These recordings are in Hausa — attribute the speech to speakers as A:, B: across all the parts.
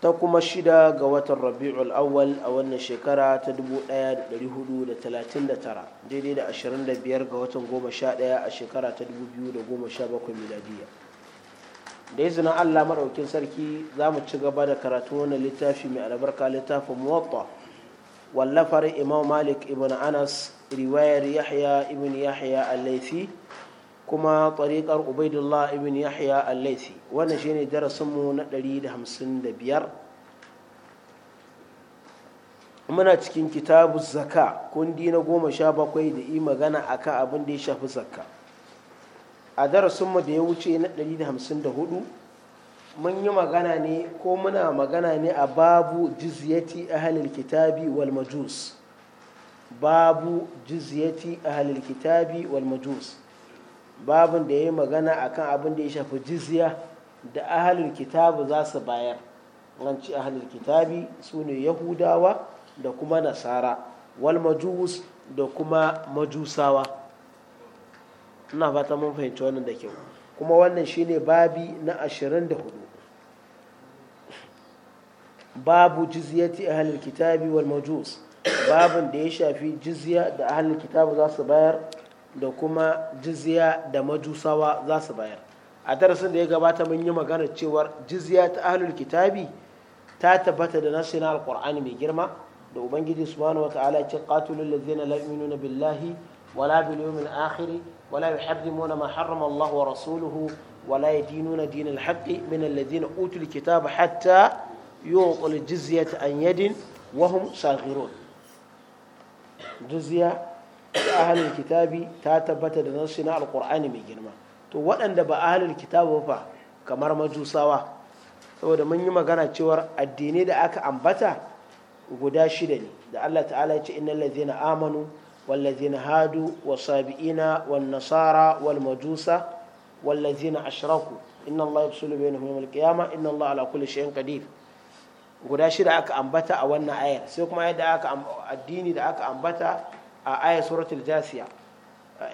A: ta kuma shida ga watan rabi'ul awwal a wannan shekara ta 1439 daidai da 25 ga watan 11 a shekara ta 2017 miladiya da izinin allah maɗaukin sarki za mu ci gaba da karatu wannan littafi mai albarka littafin muwatta wallafar imam malik ibn anas riwayar yahya ibn yahya al-laifi kuma tariƙar ubaidullah ibn yahya al-laisi wannan shine darasinmu na 155 muna cikin kitabu zaka kundi na goma sha bakwai da yi magana akan abin da ya shafi zakka a darasinmu da ya wuce na 154 mun yi magana ne ko muna magana ne a babu jizyati halin kitabi wal majus babu jizyati halin kitabi wal majus babin da ya yi magana akan abin da ya shafi jizya da ahalin kitabu za su bayar ranci ahalin kitabi su ne yahudawa da kuma nasara wal majus da kuma majusawa ina fata mun fahimci wannan da kyau kuma wannan shine babi na ashirin da hudu babu jizyati halin kitabi wal majus babin da ya shafi jizya da ahalin kitabu za su bayar da kuma jizya da majusawa za su bayar a darasin da ya gabata mun yi magana cewar jizya ta ahlul kitabi ta tabbata da national qur'an alkur'ani mai girma da ubangiji subhanahu wa ta'ala ce qatilul ladzina la yu'minuna billahi wala bil yawmil akhir wala yuharrimuna ma harrama Allah wa rasuluhu wala yadinuna dinal haqqi min alladhina utul kitab hatta yu'tul jizyata an yadin wa hum saghirun jizya ta kitabi ta tabbata da nasu na alkur'ani mai girma to waɗanda ba halin kitabi ba kamar majusawa saboda mun yi magana cewar addinai da aka ambata guda shida ne da Allah ta'ala ya ce innal ladzina amanu wal ladzina hadu wasabiina wan nasara wal majusa wal ladzina ashraku inna Allah yafsulu bainahum yawm al qiyamah inna Allah ala kulli shay'in qadir guda shida aka ambata a wannan ayar sai kuma yadda aka addini da aka ambata a ayat suratul jasiya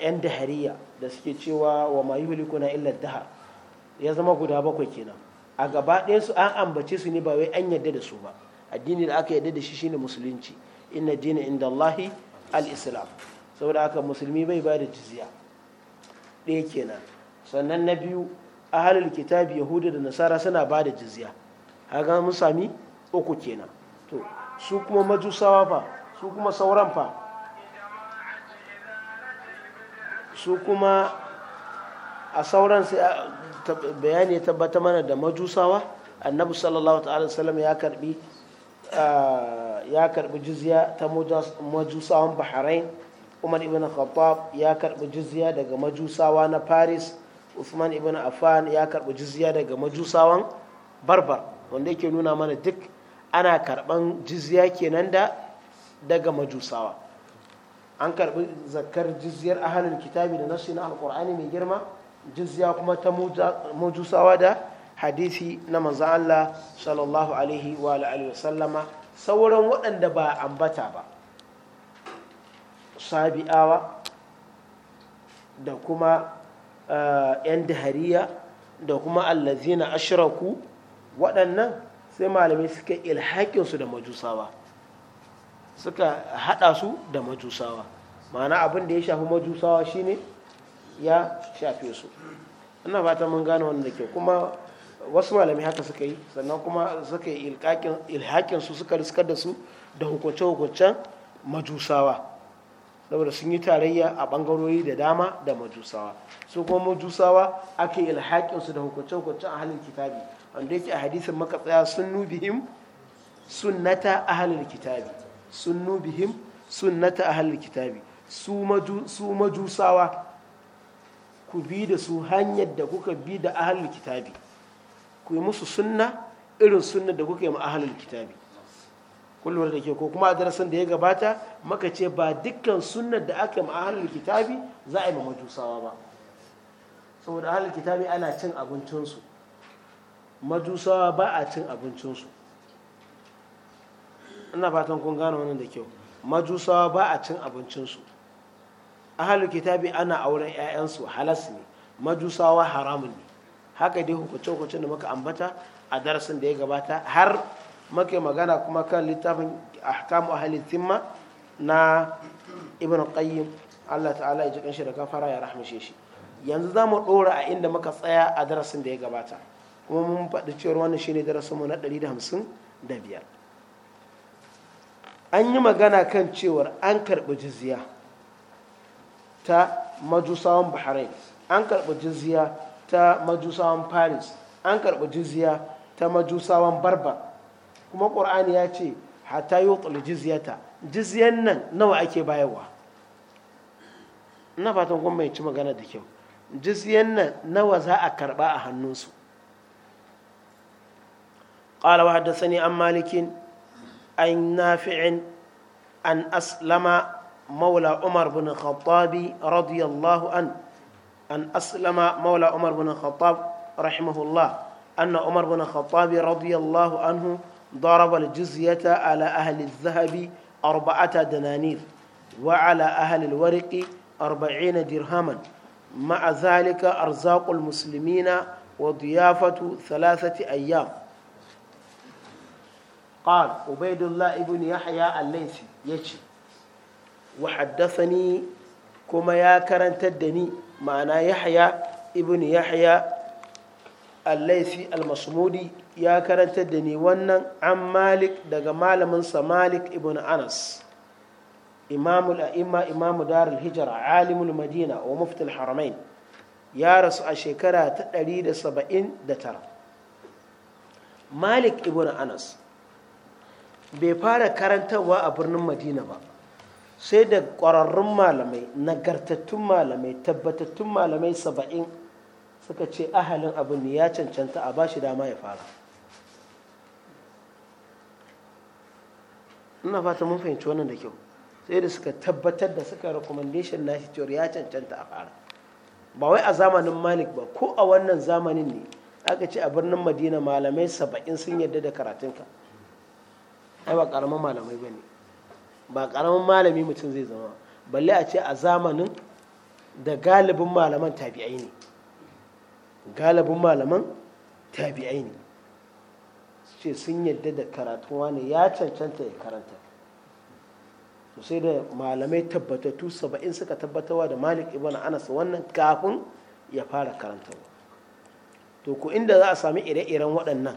A: yan dahariya da suke cewa wa mayu hulikuna illa dahar ya zama guda bakwai kenan a gaba ɗaya su an ambace su ne ba wai an yadda da su ba addini da aka yadda da shi shine musulunci inna dina inda Allahi al-islam saboda haka musulmi bai ba da jizya ɗaya kenan sannan na biyu ahalul kitabi yahuda da nasara suna ba da jizya haka mun sami uku kenan to su kuma majusawa fa su kuma sauran fa su kuma a sauran sai bayani tabbata mana da majusawa annabi sallallahu ta'ala salam ya karbi ah, ya karbi jizya ta majusawan bahrain umar ibn khattab ya karbi jizya daga majusawa na paris usman ibn affan ya karbi jizya daga majusawan barbar wanda yake nuna mana duk ana karban jizya kenan da daga majusawa an karbi zakar a halin kitabi da nassi na alkur'ani mai girma jizya kuma ta mujusawa da hadisi na manzan Allah sallallahu alaihi wa alaihi wasallama sauran waɗanda ba ambata ba sabi'awa da kuma eh, yan dahariya da kuma allazina ashraku waɗannan sai malamai suka ilhakinsu da majusawa suka haɗa su da majusawa ma'ana abin da ya shafi majusawa shine ya shafe su ina fata mun gane wanda ke kuma wasu malami haka suka yi sannan kuma suka yi ilhakin su suka riskar da su da hukunce-hukuncen majusawa saboda sun yi tarayya a bangarori da dama da majusawa su kuma majusawa ake ilhakin su da hukunce-hukuncen a halin kitabi wanda yake a hadisin maka sun nubihim sunnata a halin kitabi sunnu bihim sunnata ahlul kitabi su majusawa ku bi da su hanyar da kuka bi da ahlul kitabi ku yi musu sunna irin sunna da kuka yi ma ahlul kitabi kullum da ke ko kuma a darasin da ya gabata maka ce ba dukkan sunnar da aka yi ma ahlul kitabi za a yi ma majusawa ba saboda ahlul kitabi ana cin abincinsu majusawa ba a cin abincinsu ina fatan kun gane wannan da kyau majusawa ba a cin abincinsu ahalu kitabi ana auren 'ya'yansu halas ne majusawa haramun ne haka dai hukuce-hukucen da muka ambata a darasin da ya gabata har muke magana kuma kan littafin ahkamu ahli timma na ibn qayyim Allah ta'ala ya ji kanshi da kafara ya rahmashe shi yanzu za mu ɗora a inda muka tsaya a darasin da ya gabata kuma mun faɗi cewar wannan shine darasinmu na 155 an yi magana kan cewar an karɓi jizya ta majusawan bahrain an karɓi jizya ta majusawan paris an karɓi jiziya ta majusawan barba kuma ƙur'ani ya ce hata yi wutsula jizyata jizyan nan nawa ake bayarwa ina fatan kuma mai ci magana da kyau jizyan nan nawa za a karɓa a hannunsu قال sani an malikin. عن نافع أن أسلم مولى عمر بن الخطاب رضي الله عنه أن أسلم مولى عمر بن الخطاب رحمه الله أن عمر بن الخطاب رضي الله عنه ضرب الجزية على أهل الذهب أربعة دنانير وعلى أهل الورق أربعين درهما مع ذلك أرزاق المسلمين وضيافة ثلاثة أيام قال عبيد الله ابن يحيى الليثي يجي وحدثني كما يا كرنت الدني معنا يحيى ابن يحيى الليثي المصمودي يا كرنت الدني ونن عن مالك دغ مالمنسا مالك ابن انس امام الائمه امام دار الهجره عالم المدينه ومفتي الحرمين يا رس الشكره 179 مالك ابن انس bai fara karantarwa a birnin madina ba sai da ƙwararrun malamai nagartattun malamai tabbatattun malamai saba'in suka ce ahalin abin ne ya cancanta a bashi dama ya fara ina fata mun fahimci wannan da kyau sai da suka tabbatar da suka recommendation na shi cewar ya cancanta a fara ba wai a zamanin malik ba ko a wannan zamanin ne aka ce a birnin madina malamai saba'in sun yarda da karatunka ai ba karamin malamai bane ba karamin malami mutum zai zama balle a ce a zamanin da galibin malaman tabi'ai ne galibin malaman tabi'ai ne ce sun yadda da karatun wani ya cancanta ya karanta sai da malamai tabbatattu saba'in suka tabbatarwa da malik ibn anas wannan kafin ya fara karantarwa to ku inda za a sami ire-iren waɗannan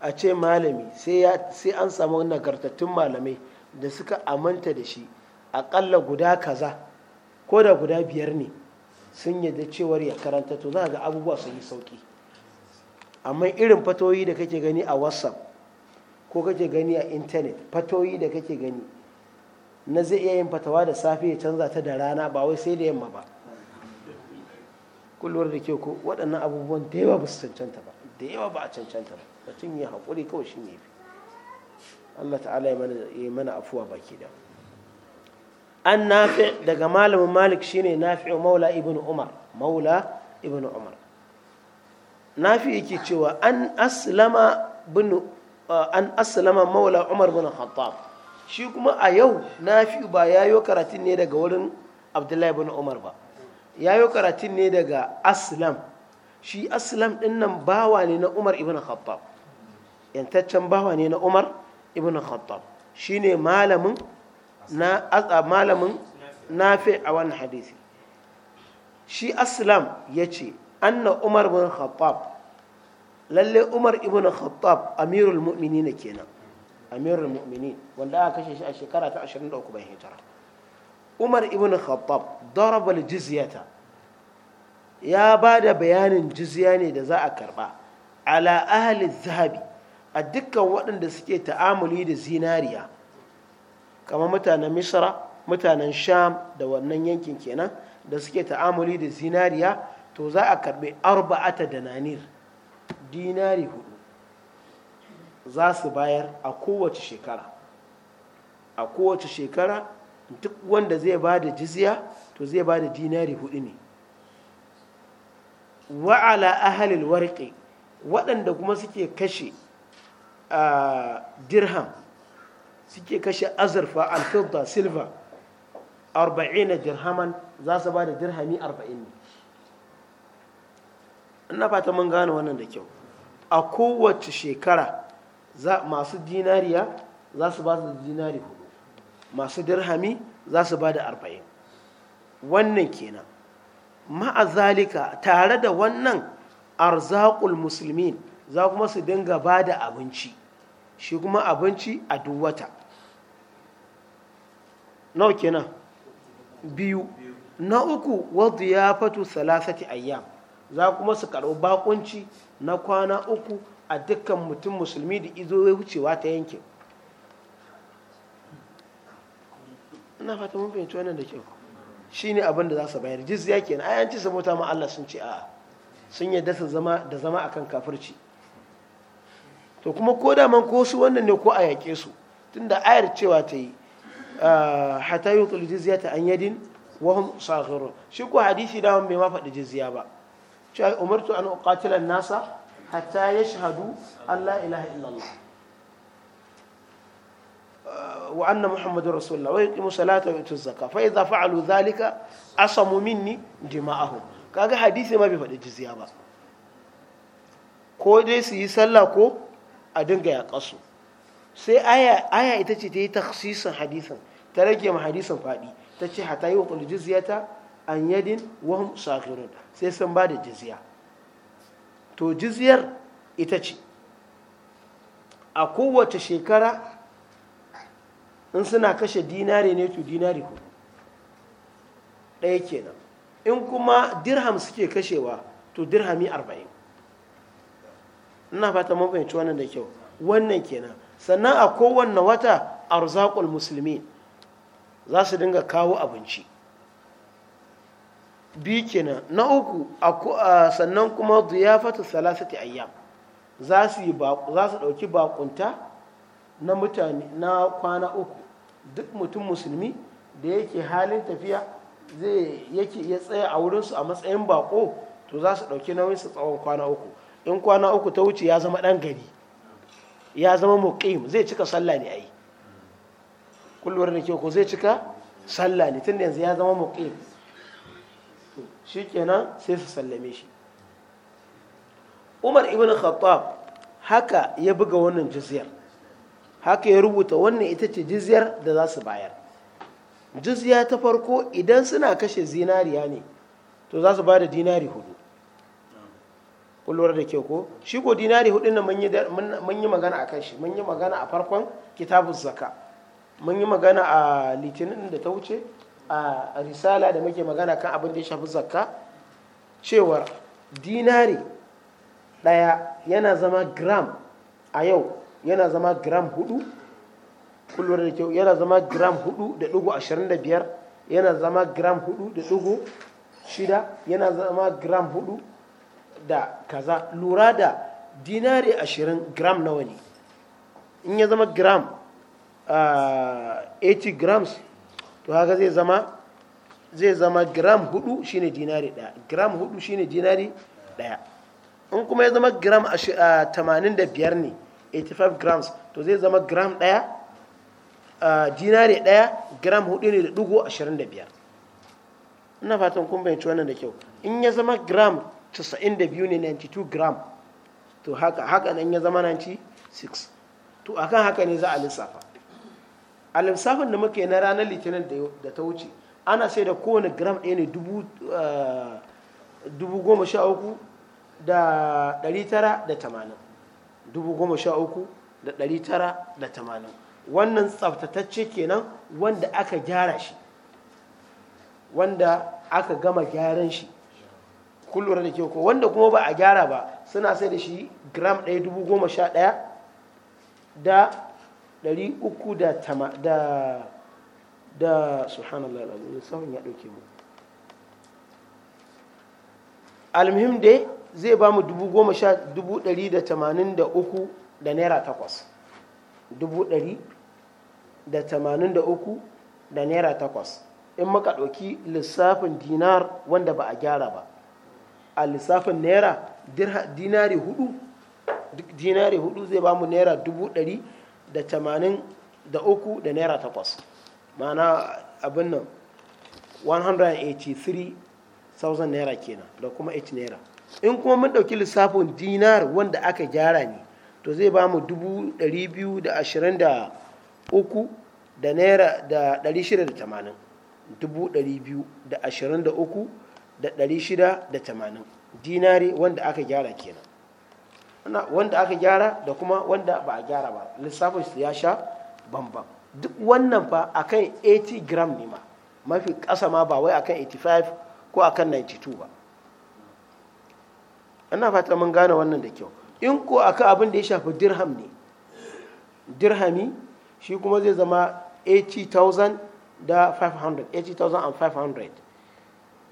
A: a ce malami sai an samu nagartattun malamai da suka amanta da shi aƙalla guda kaza ko da guda biyar ne sun yadda cewar ya karanta to za ga abubuwa sun yi sauƙi amma irin fatoyi da kake gani a whatsapp ko kake gani a intanet fatoyi da kake gani na zai iya yin fatawa da safe ya canza ta da rana ba wai sai da yamma ba kullum da ke ko waɗannan abubuwan da yawa ba su cancanta ba da yawa ba a cancanta ba mutum ya haƙuri kawai shi ne fi Allah ta'ala ya mana afuwa baki da an nafi daga malamin malik shine nafi maula ibn umar maula ibn umar nafi yake cewa an aslama bin uh, maula umar bin khattab shi kuma a yau nafi ba ya yi karatun ne daga wurin abdullahi bin umar ba ya yi karatun ne daga aslam shi aslam din nan bawa ne na umar ibn khattab yantaccen bawa ne na umar ibn khattab shine malamin na malamin nafi a wannan hadisi shi aslam ya ce anna umar ibn khattab lalle umar ibn khattab amirul mu'minin kenan amirul mu'minin wanda aka kashe shi a shekara ta 23 bayan hijira umar ibn khattab daraba jizyata ya bada bayanin jizya ne da za a karba ala ahli zahabi a dukkan waɗanda suke ta'amuli da zinariya kamar mutanen misra mutanen sham da wannan yankin kenan da suke ta'amuli da zinariya to za a karɓi arba'ata dananir dinari hudu za su bayar a kowace shekara a kowace shekara duk wanda zai ba da jiziya to zai ba da dinari hudu ne wa'ala ahalil warƙi waɗanda kuma suke kashe dirham suke kashe azurfa alfilta silva 40 dirhaman za su ba da dirhami 40 ne ina fata mun gane wannan da kyau a kowace shekara masu dinariya za su ba su dinari hudu masu dirhami za su ba da 40 wannan kenan ma'azalika tare da wannan arzakul musulmin za kuma su dinga ba da abinci shi kuma abinci a duwata wata nawa kenan biyu na uku wadda ya fatu salasati ayyam za kuma su karɓi bakunci na kwana uku a dukkan mutum musulmi da izo ya wucewa ta yankin na fata mun fahimci wannan da kyau shi ne abin da za su bayar jizya kenan ai an ci sabota ma Allah sun ce a'a sun yadda su zama da zama akan kafirci to kuma ko da man ko su wannan ne ko a yaƙe su tunda ayar cewa ta yi ah, hata yi tulu jizya ta an yadin wahum saghirun shi ko hadisi da bai ma faɗi jizya ba cewa umartu an uqatila nasa hata ya shahadu allah ilaha illallah ah, wa anna muhammadur rasulullah wa yuqimu salata wa yutu zakka fa idza fa'alu dhalika asamu minni dima'ahum kaga hadisi ma bai faɗi jizya ba ko dai su yi sallah ko a dinga yaƙasu sai aya ita ce ta yi taksisin hadisin ta rage ma hadisin faɗi ta ce hata yi wa ta an yadin wahum sakirin sai sun ba da jizya to jizyar ita ce a kowace shekara in suna kashe dinari ne to dinari ku? ɗaya kenan in kuma dirham suke kashewa to dirhami arba'in ina fata mun fahimci wannan da kyau wannan kenan sannan a kowanne wata arzakul musulmi za su dinga kawo abinci bi kenan na uku sannan kuma ziyafatu salasati ayyam za su ɗauki bakunta na mutane na kwana uku duk mutum musulmi da yake halin tafiya zai yake ya tsaya a wurinsu a matsayin bako to za su ɗauki nauyin su tsawon kwana uku in kwana uku ta wuce ya zama ɗan gari ya zama muqim zai cika sallah ne ai kullum da ke ko zai cika sallah ne tun yanzu ya zama muqim shikenan sai su sallame shi Umar ibn Khattab haka ya buga wannan jizyar haka ya rubuta wannan ita ce jiziyar da za su bayar jizya ta farko idan suna kashe zinariya ne to za su ba da dinari hudu kullura da ke ko shi ko dinari hudun na mun yi magana a kan shi mun yi magana a farkon kitabun zaka mun yi magana a litinin da ta wuce a risala da muke magana kan abin da ya shafi zaka cewar dinari daya yana zama gram a yau yana zama gram hudu kullum da kyau yana zama gram hudu da dugu ashirin da biyar yana zama gram hudu da dugu shida yana zama gram hudu da kaza lura da dinari ashirin gram nawa ne in ya zama gram uh, ah, 80 grams to haka zai zama zai zama gram hudu shine dinari daya gram hudu shine dinari daya in kuma ya zama gram 85 ah, ne 85 grams to zai zama gram daya ah, dinari daya gram hudu ne da da 25 ina fatan kun bayanci wannan da kyau in ya zama gram 92 ne 92 gram to haka haka nan ya zama 96 to akan haka ne za a lissafa a lissafin da muke na ranar litinin da ta wuce ana sai da kowane gram ɗaya ne eh, dubu goma sha uku da ɗari tara da tamanin dubu goma sha uku da ɗari tara da tamanin wannan tsaftatacce kenan wanda aka gyara shi wanda aka gama gyaran shi kun lura da kyau ko wanda kuma ba a gyara ba suna sai da shi gram ɗaya dubu goma sha ɗaya da ɗari uku da tama da da subhanallah al'adu lissafin ya ɗauke mu almuhim dai zai ba mu dubu goma sha dubu ɗari da tamanin da uku da naira takwas dubu ɗari da tamanin da uku da naira takwas in muka ɗauki lissafin dinar wanda ba a gyara ba a lissafin naira dinari hudu duk dinari hudu zai ba mu naira dubu dari da tamanin da uku da naira takwas mana abin nan 183,000 naira kenan da kuma 8 naira in kuma mun ɗauki lissafin dinar wanda aka gyara ne to zai ba mu biyu da ashirin da da uku naira da dari dari shida da da tamanin dubu biyu ashirin da uku. da ɗari shida da tamanin dinari wanda aka gyara kenan wanda aka gyara da kuma wanda ba a gyara ba lissafin su ya sha bambam duk wannan fa akan 80 gram ne ma mafi ƙasa ma ba wai akan 85 ko akan 92 ba ana fata mun gane wannan da kyau in ko aka abin da ya shafi dirham ne dirhami shi kuma zai zama da 500 80,500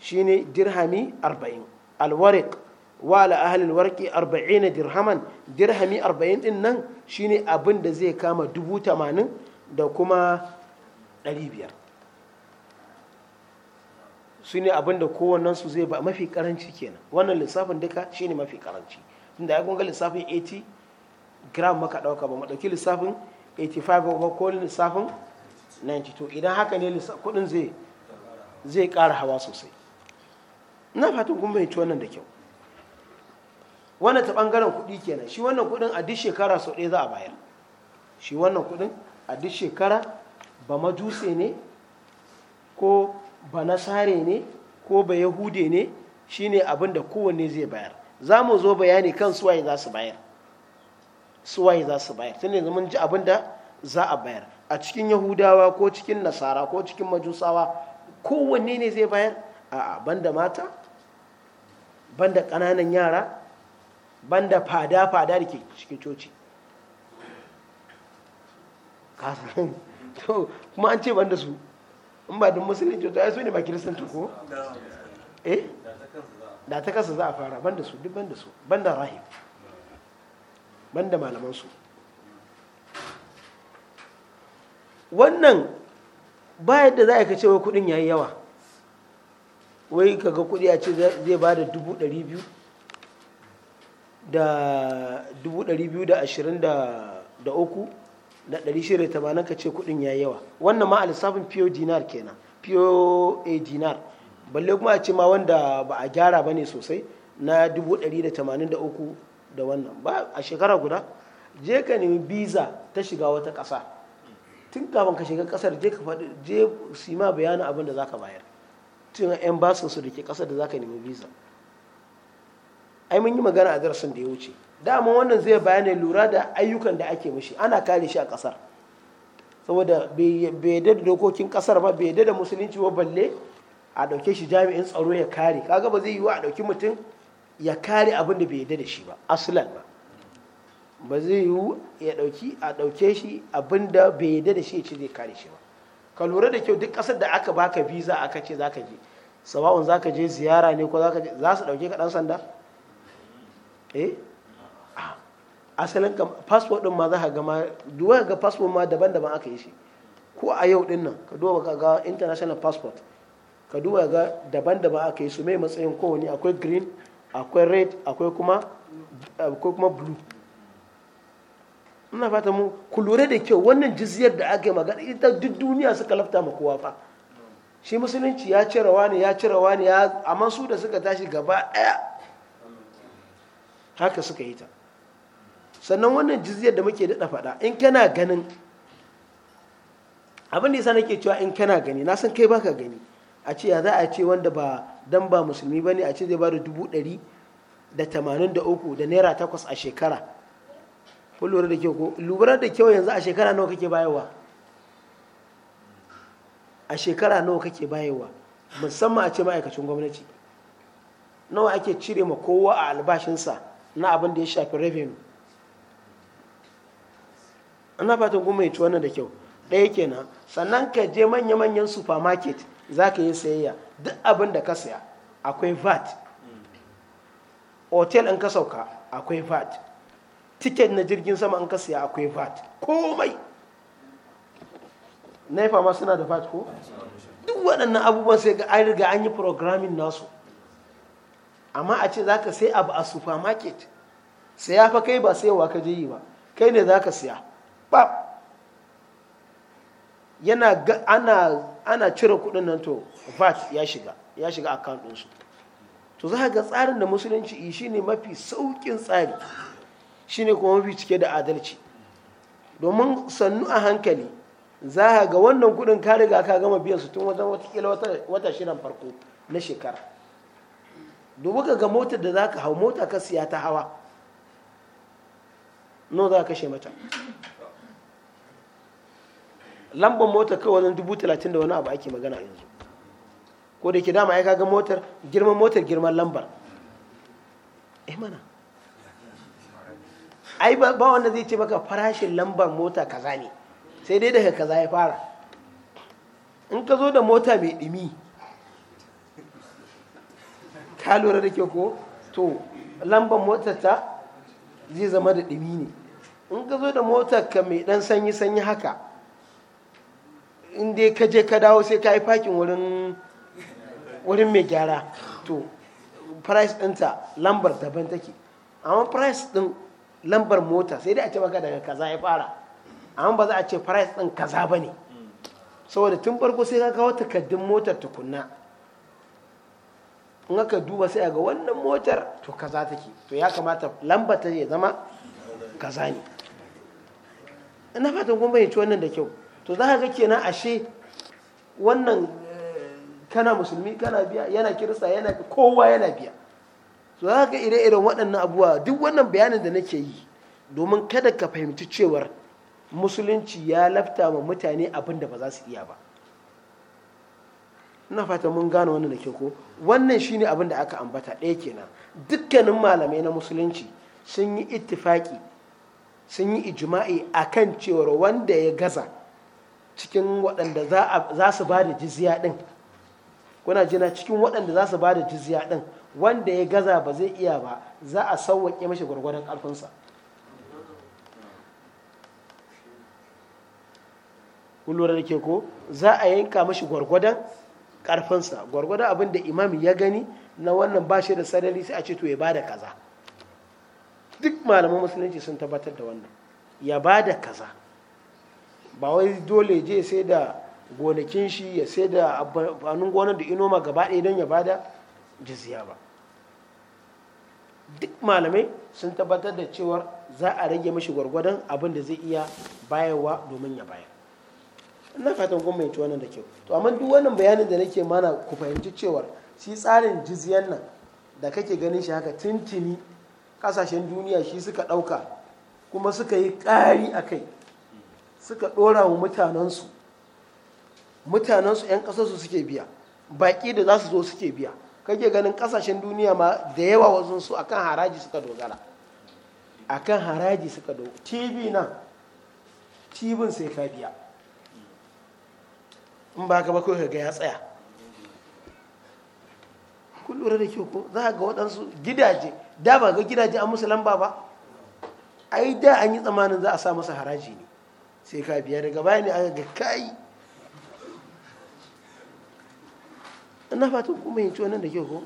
A: shine dirhami arba'in alwarik wa ala ahalil warki arba'ina dirhaman dirhami arba'in din nan shine abin da zai kama dubu tamanin da kuma 500 biyar su ne abin da kowannensu zai ba mafi karanci kenan wannan lissafin duka shine mafi karanci tunda ya kunga lissafin 80 gram maka ɗauka ba maɗauki lissafin 85 ba ko lissafin 92 idan haka ne kudin zai ƙara hawa sosai ina fatan kun bayyanci wannan da kyau wannan ta bangaren kuɗi kenan shi wannan kuɗin a duk shekara sau ɗaya za a bayar shi wannan kuɗin a duk shekara ba majuse ne ko ba nasare ne ko ba yahude ne shi ne abin da kowanne zai bayar za mu zo bayani kan suwaye za su bayar suwaye za su bayar tun yanzu mun ji abin da za a bayar a cikin yahudawa ko cikin nasara ko cikin majusawa kowanne ne zai bayar a'a banda mata banda kananan yara banda fada-fada da ke cikin coci kasan to kuma an ce banda su in ba don musulunci coci ya su ne ba kiristanci ko eh da ta kasa za a fara banda su duk banda su banda rahim banda malaman su wannan bayan da za a ka cewa kudin yayi yawa wai kaga kudi a ce zai ba da dubu ɗari biyu da dubu biyu da ashirin da uku da ɗari shida tamanin ka ce kuɗin ya yawa wannan ma a lissafin fiyo dinar kenan fiyo a dinar balle kuma a ce ma wanda ba a gyara ba ne sosai na dubu ɗari da tamanin da uku da wannan ba a shekara guda je ka nemi biza ta shiga wata ƙasa tun kafin ka shiga ƙasar je ka faɗi je su ma bayanin abin da za ka bayar cikin yan basin su da ke ƙasa da zaka nemi visa ai mun yi magana a darasin da ya wuce dama wannan zai bayani lura da ayyukan da ake mishi ana kare shi a ƙasar saboda bai yadda dokokin ƙasar ba bai yadda da musulunci ba balle a ɗauke shi jami'in tsaro ya kare kaga ba zai yi wa a ɗauki mutum ya kare abin da bai yadda da shi ba aslan ba ba zai wa ya ɗauki a ɗauke shi abin da bai yadda da shi ya ce zai kare shi ba ka lura da kyau duk ƙasar da aka baka visa aka ce za ka je sawa'un za ka je ziyara ne ko za su ɗauke ka dan sanda eh ah, asalin fasfo ɗin ma za ka gama duwa ga fasfo ma daban-daban aka yi shi ko a yau din nan ka duba ga international passport ka duba ga daban-daban aka yi su mai matsayin kowane akwai green akwai red akwai kuma akwai kuma blue ina fata mu ku lura da kyau wannan jizyar da aka yi magana ita duk duniya suka lafta ma kowa fa shi musulunci ya cire wani ya cire wani ya amma su da suka tashi gaba ɗaya haka suka yi ta sannan wannan jizyar da muke daɗa faɗa in kana ganin abin da yasa nake cewa in kana gani na san kai baka gani a ce ya za a ce wanda ba dan ba musulmi bane a ce zai ba da dubu ɗari da tamanin da uku da naira takwas a shekara kun lura da kyau ko lura da kyau yanzu a shekara nawa kake bayarwa a shekara nawa kake bayarwa musamman a ce ma'aikacin gwamnati nawa ake cire ma kowa a albashinsa na abin da ya shafi revenue ana fatan kuma ya ci wannan da kyau ɗaya kenan sannan ka je manya-manyan supermarket za ka yi sayayya duk abin da ka saya akwai vat otel in ka sauka akwai vat tiket na jirgin sama an kasa akwai vat komai yi ma suna da vat ko duk waɗannan abubuwan sai ga an riga an yi programming nasu amma a ce za ka sai abu a supermarket saya fa kai ba wa ka je yi ba kai ne za ka siya ba yana ana ana cire kuɗin nan to vat ya shiga ya shiga account ɗinsu to za ga tsarin da musulunci shi ne mafi saukin tsari Shi ne kuma mafi cike da adalci domin sannu a hankali za a ga wannan kudin ka riga ka gama biyan su tun wajen watakila wata shirin farko na shekara domin ka ga motar da za ka hau mota ka siya ta hawa no za ka kashe mata lambar motar kawai wajen dubu talatin da wani abu ake magana yanzu ko da ke dama ya kaga motar girman motar girman lambar eh mana ai ba wanda zai ce maka farashin lambar mota kaza ne sai dai daga kaza ya fara in ka zo da mota mai dimi ka lura da ke ko to lambar motar ta zai zama da dimi ne in ka zo da motar ka mai dan sanyi sanyi haka in dai ka je ka dawo sai ka yi fakin wurin wurin mai gyara to price ɗinta lambar daban take amma price ɗin lambar mota sai dai a ce maka daga kaza ya fara amma ba za a ce price din kaza ba ne saboda tun farko sai ka kawo takardun motar tukunna in aka duba sai a ga wannan motar to kaza take to ya kamata lambar ta ya zama kaza ne ina fatan kun ci wannan da kyau to za ka ga kenan ashe wannan eh, kana musulmi kana biya yana kirista yana kowa yana biya to za ire-iren waɗannan abubuwa duk wannan bayanin da nake yi domin kada ka fahimci cewar musulunci ya lafta ma mutane abin da ba za su iya ba ina fata mun gane wannan da ke ko wannan shine abin da aka ambata ɗaya kenan dukkanin malamai na musulunci sun yi ittifaki sun yi ijima'i a kan cewar wanda ya gaza cikin waɗanda za su ba da jizya ɗin kuna jina cikin waɗanda za su ba da jizya ɗin wanda ya gaza ba zai iya ba za a sauwaƙe mashi gwargwaron ƙarfinsa kullum da ke ko za a yanka mashi gwargwadon ƙarfinsa gwargwadon abin da imam ya gani na wannan bashi da sarari sai a ce to ya bada kaza duk malaman musulunci sun tabbatar da wannan ya bada kaza ba wai dole je sai da gonakin shi ya sai da abanin gonar da inoma gaba ɗaya don ya bada jiziya ba duk malamai sun tabbatar da cewar za a rage mashi gwargwadon abin da zai iya bayarwa domin ya bayar ina fatan kuma mai wannan da kyau to amma duk wannan bayanin da nake mana ku fahimci cewar shi tsarin jiziyan nan da kake ganin shi haka tintini kasashen duniya shi suka ɗauka kuma suka yi ƙari a kai suka ɗora wa mutanensu mutanensu 'yan ƙasarsu suke biya baƙi da za su zo suke biya kake ganin kasashen duniya ma da yawa wazun su akan haraji suka dogara akan haraji suka dogara tv nan tibin sai ka biya in ba ka ba ka ga ya tsaya kun lura da kyau ko za ga waɗansu gidaje da ba ga gidaje an musu lamba ba ai da an yi tsamanin za a sa masa haraji ne sai ka biya daga bayani ne aka ga kai ina fatan kuma yin wannan da ke ko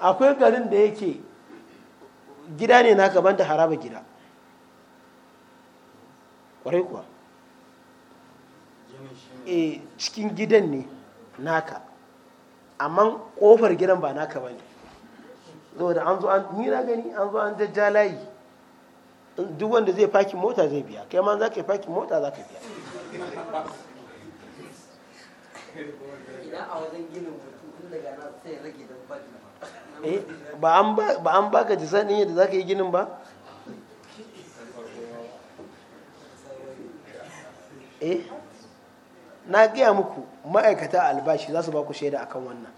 A: akwai garin da yake gida ne na naka da haraba gida kwarai kuwa e cikin gidan ne naka amma kofar gidan ba naka ba ne saboda an zo an nira gani an zo an jajja layi duk wanda zai faki mota zai biya kai ma za ka faki mota za ka biya idan a wajen ginin Eh, ba an baka jisanin yadda za ka yi ginin ba eh na gaya muku ma'aikata albashi za su ba ku shaida akan wannan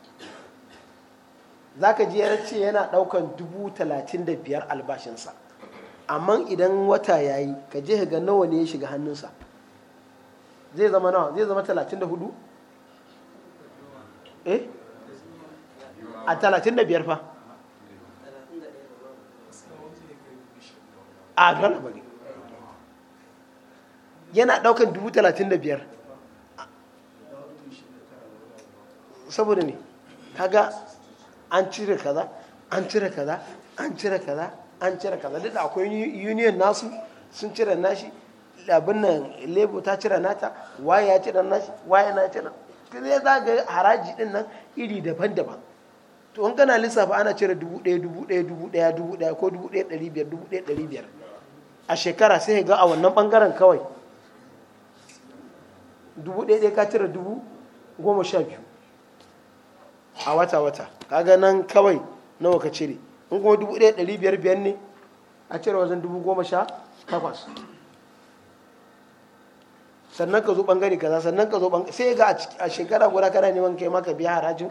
A: za ka ji ya ce yana daukan dubu talatin da biyar albashinsa amma idan wata ya yi ka je ga nawa ne ya shiga hannunsa zai zama nawa zai zama talatin da hudu eh a talatin da biyar fa a dole bari yana daukan dubu talatin da biyar saboda ne kaga an cire kaza an cire kaza an cire kaza an cire kaza duk da akwai union nasu sun cire nashi abin nan lebo ta cire nata waya ya cire nashi waya na cire ne za ga haraji din nan iri daban-daban to an kana lissafa ana cire dubu ɗaya dubu ɗaya dubu ɗaya dubu ɗaya ko dubu ɗaya ɗari biyar dubu ɗaya ɗari biyar a shekara sai ga a wannan ɓangaren kawai dubu ɗaya ɗaya ka cire dubu goma sha biyu a wata wata kaga nan kawai nawa ka cire in kuma dubu ɗaya ɗari biyar biyar ne a cire wajen dubu goma sha takwas sannan ka zo ɓangare kaza sannan ka zo ɓangare sai ga a shekara guda kana neman kai maka biya harajin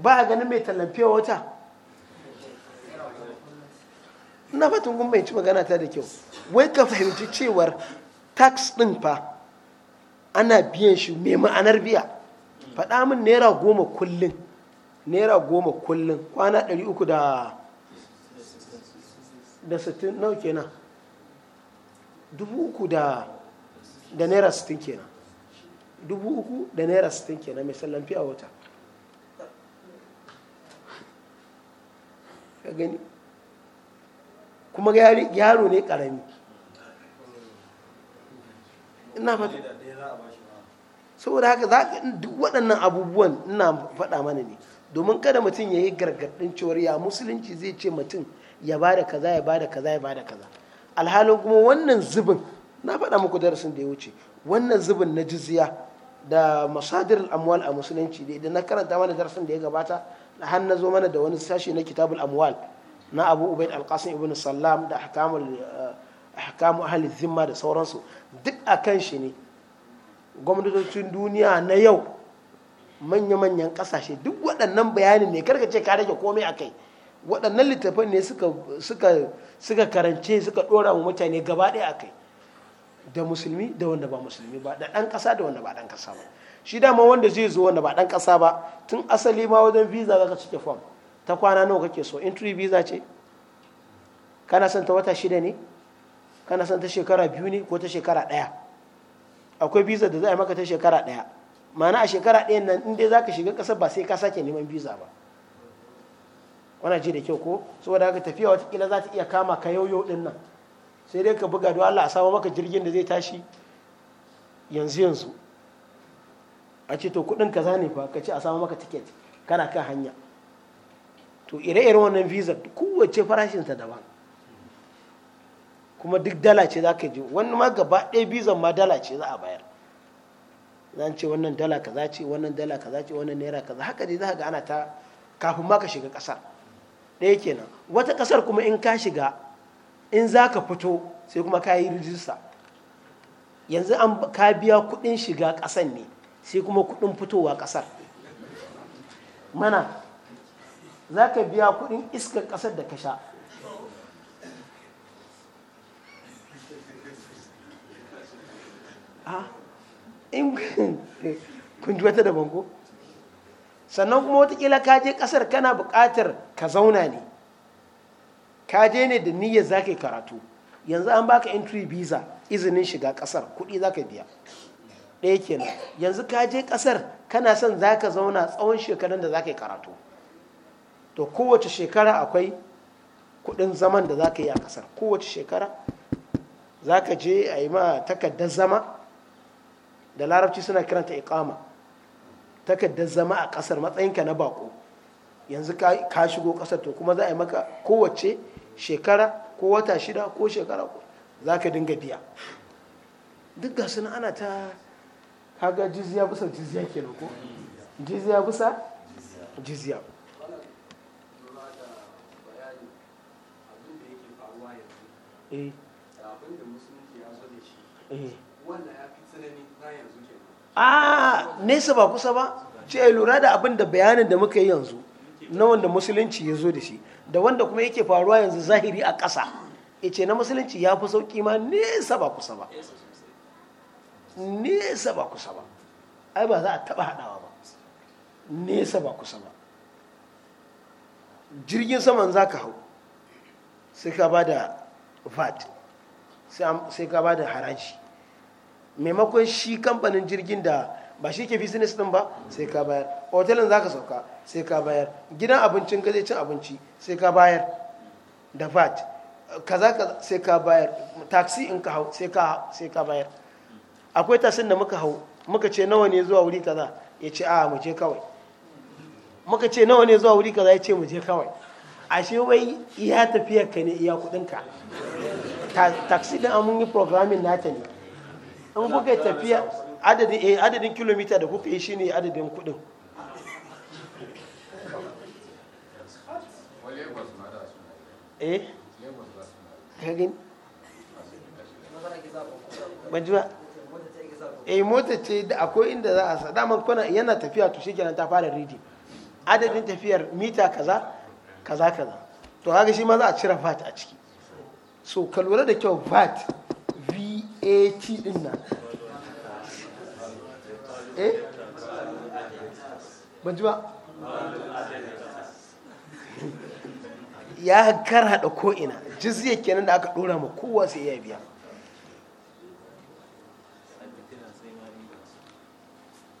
A: ba a ganin mai tallafiya wata na fatan kun ci magana ta da kyau wai ka fahimci cewar tax din fa ana biyan shi mai ma'anar biya faɗa min naira goma kullum naira goma kullum kwana 300 da da 60 nau kenan dubu uku da naira 60 kenan dubu uku da naira 60 kenan mai tallafiya a wata ka gani kuma yaro ne karami ina fata saboda haka za ka duk waɗannan abubuwan ina faɗa mana ne domin kada mutum ya yi gargaɗin cewar ya musulunci zai ce mutum ya ba da kaza ya ba da kaza ya ba da kaza alhalin kuma wannan zubin na faɗa muku darasin da ya wuce wannan zubin na jizya da masadir amwal a musulunci da na karanta mana darasin da ya gabata har na zo mana da wani sashi na kitabul amwal na abu ubaid alqasim ibn sallam da ahkamul eh, ahkamu ahli zimma da sauransu duk akan shi ne gwamnatocin duniya na yau manya-manyan kasashe duk waɗannan bayanin ne karka ce ka rage komai a kai waɗannan littafan ne suka karance suka ɗora mu mutane gaba ɗaya a kai da musulmi da wanda ba musulmi ba da ɗan ƙasa da wanda ba ɗan ƙasa ba shi dama wanda zai zo wanda ba dan kasa ba tun asali ma wajen visa zaka cike form ta kwana nawa kake so entry visa ce kana son ta wata shida ne kana son ta shekara biyu ne ko ta shekara daya akwai visa da za a maka ta shekara daya ma'ana a shekara daya nan in dai zaka shiga kasar ba sai ka sake neman visa ba wannan ji da kyau ko saboda haka tafiya wata kila za ta iya kama ka yau din nan sai dai ka buga don Allah a samu maka jirgin da zai tashi yanzu yanzu a ce to kudin kaza ne fa ka ce a samu maka tiket kana kan hanya to ire-iren wannan visa kowace farashinta daban kuma duk dala ce za ka ji wani ma gaba ɗaya bizan ma dala ce za a bayar zan ce wannan dala kaza ce wannan dala kaza ce wannan naira kaza haka dai za ga ana ta kafin ma ka shiga ƙasar ɗaya kenan wata ƙasar kuma in ka shiga in za ka fito sai kuma ka yi rijista yanzu an ka biya kuɗin shiga ƙasan ne sai kuma kuɗin fitowa ƙasar mana za ka biya kuɗin iskar ƙasar da ka sha ah, in kun wata daban ko sannan kuma watakila ka je ƙasar kana bukatar ka zauna ne ka je ne da niyyar za ka yi karatu yanzu an baka entry visa izinin shiga ƙasar kuɗi za ka biya ɗaya kenan yanzu ka je ƙasar kana son za ka zauna tsawon shekarun da za ka yi karatu to kowace shekara akwai kuɗin zaman da za ka yi a ƙasar kowace shekara za ka je a yi ma takardar zama da larabci suna kiranta ikama takardar zama a ƙasar ka na bako yanzu ka shigo ƙasar to kuma za a yi maka kowace shekara ko wata shida ko shekara za ka dinga biya duk ga ana ta kaga jizya bisa jizya kenan ko jizya bisa jizya eh. eh. a ah, nesa ba kusa ba ce lura da abin da bayanin da muka yi yanzu na wanda musulunci ya zo da shi da wanda kuma yake faruwa yanzu zahiri a ƙasa ya ce na musulunci ya fi sauƙi ma nesa ba kusa ba nesa ba kusa ba ai ba za a taba haɗawa ba nesa ba kusa ba jirgin saman za ka hau sai ka ba da vat sai ka ba da haraji maimakon shi kamfanin jirgin da ba shi ke business din ba sai ka bayar otelin za ka sauka sai ka bayar gidan abincin ka cin abinci sai ka bayar da vat kaza sai ka bayar taxi in ka hau sai ka bayar akwai tasin da muka hau muka ce nawa ne zuwa wuri kaza ya ce a ah, mu je kawai muka ce nawa ne zuwa wuri kaza ya ce mu je kawai ashe wai iya tafiyar ka ne iya kudinka taxi din amun yi programming nata ne in kuka tafiya eh, adadin kilomita da kuka yi shine adadin kudin eh ban eh mota ce da akwai inda za a sa kuna yana tafiya to shikenan ta fara ridi adadin tafiyar mita kaza kaza kaza to haka shi ma za a cire vat a ciki so ka lura da kyau vat vat din nan eh ban ba ya kar hada ko ina jizya kenan da aka dora ma kowa sai ya biya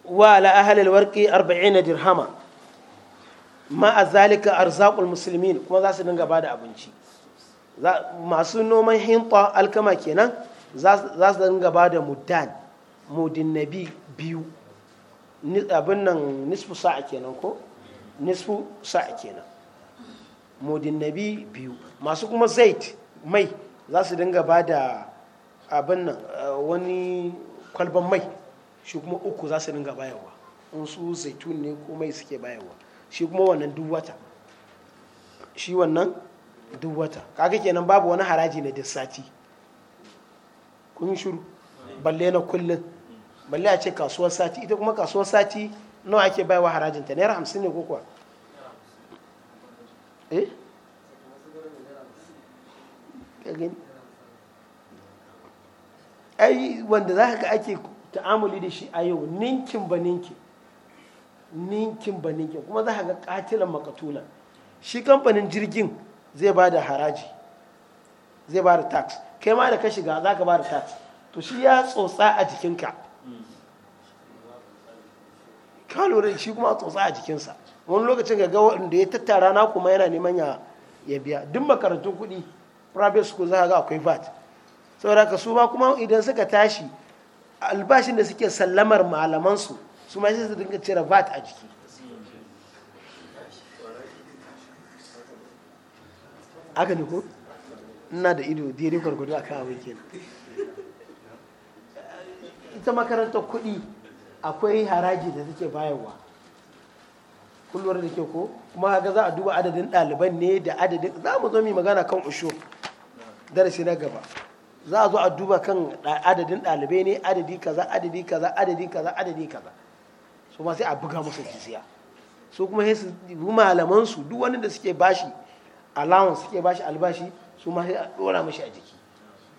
A: وعلى أهل الورق أربعين درهما ما ذلك أرزاق المسلمين كما ذا سننغا بعد أبنشي masu noman hinta alkama kenan za su dinga ba da mudan mudin nabi biyu abin nan nisfu sa'a kenan ko nisfu biyu masu kuma zait mai za su dinga ba da abin nan wani kwalban mai shi kuma uku za su ringa bayarwa in su zaitun ne ko mai suke bayarwa shi kuma wannan duk wata shi wannan duk wata kaga kenan babu wani haraji na dissati sati kun shuru, balle na kullun balle a ce kasuwar sati ita kuma kasuwar sati nawa ake bayarwa harajinta naira hamsin ne ko kuwa eh ai wanda zaka ake ta'amuli da shi a yau ninkin ba ninkin ninkin ba ninkin kuma za ka ga katilan makatula shi kamfanin jirgin zai ba da haraji zai ba da tax kai ma da ka shiga za ka ba da tax to shi ya tsotsa a jikinka ka lura shi kuma tsotsa a jikinsa wani lokacin ga wanda ya tattara na kuma yana neman ya biya duk makarantun kuɗi private school za ka ga akwai vat saboda ka su ba kuma idan suka tashi albashin da suke sallamar malaman su ma sai su dinga cire vat a jiki aka ne ko ina da ido daidai gwargwado a kan abin kenan ita makaranta kuɗi akwai haraji da suke bayarwa kullum da ke ko kuma ga za a duba adadin ɗaliban ne da adadin za mu zo mu magana kan usho darasi na gaba za a zo a duba kan adadin ɗalibai ne adadi kaza adadi kaza adadi kaza adadi kaza su ma sai a buga musu jisiya su kuma sai su malamansu duk wani da suke bashi allowance suke bashi albashi su ma sai a dora mashi a jiki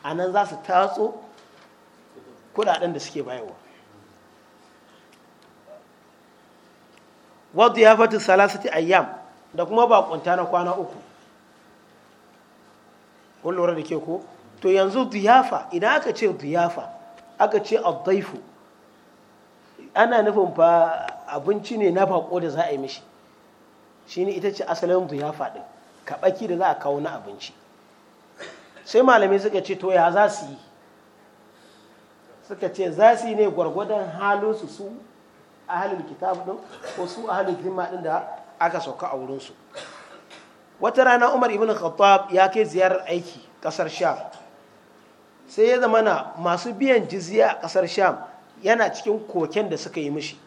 A: a nan za su tatso kudaden da suke bayarwa wadda ya fata salasati ayyam da kuma ba kwanta na kwana uku kun lura da ke ko to yanzu diyafa idan aka ce diyafa aka ce addaifu ana nufin fa abinci ne na bako da za a yi mishi ne ita ce asalin diyafa ɗin kaɓaki da za a kawo na abinci sai malamai suka ce to ya za su yi suka ce za su yi ne gwargwadon halinsu su a halin kitab din ko su a halin zima din da aka sauka a wurinsu wata rana umar ibn khattab ya kai ziyarar aiki ƙasar sha. sai ya zama na masu biyan jiziya a ƙasar sham yana cikin koken da suka yi mishi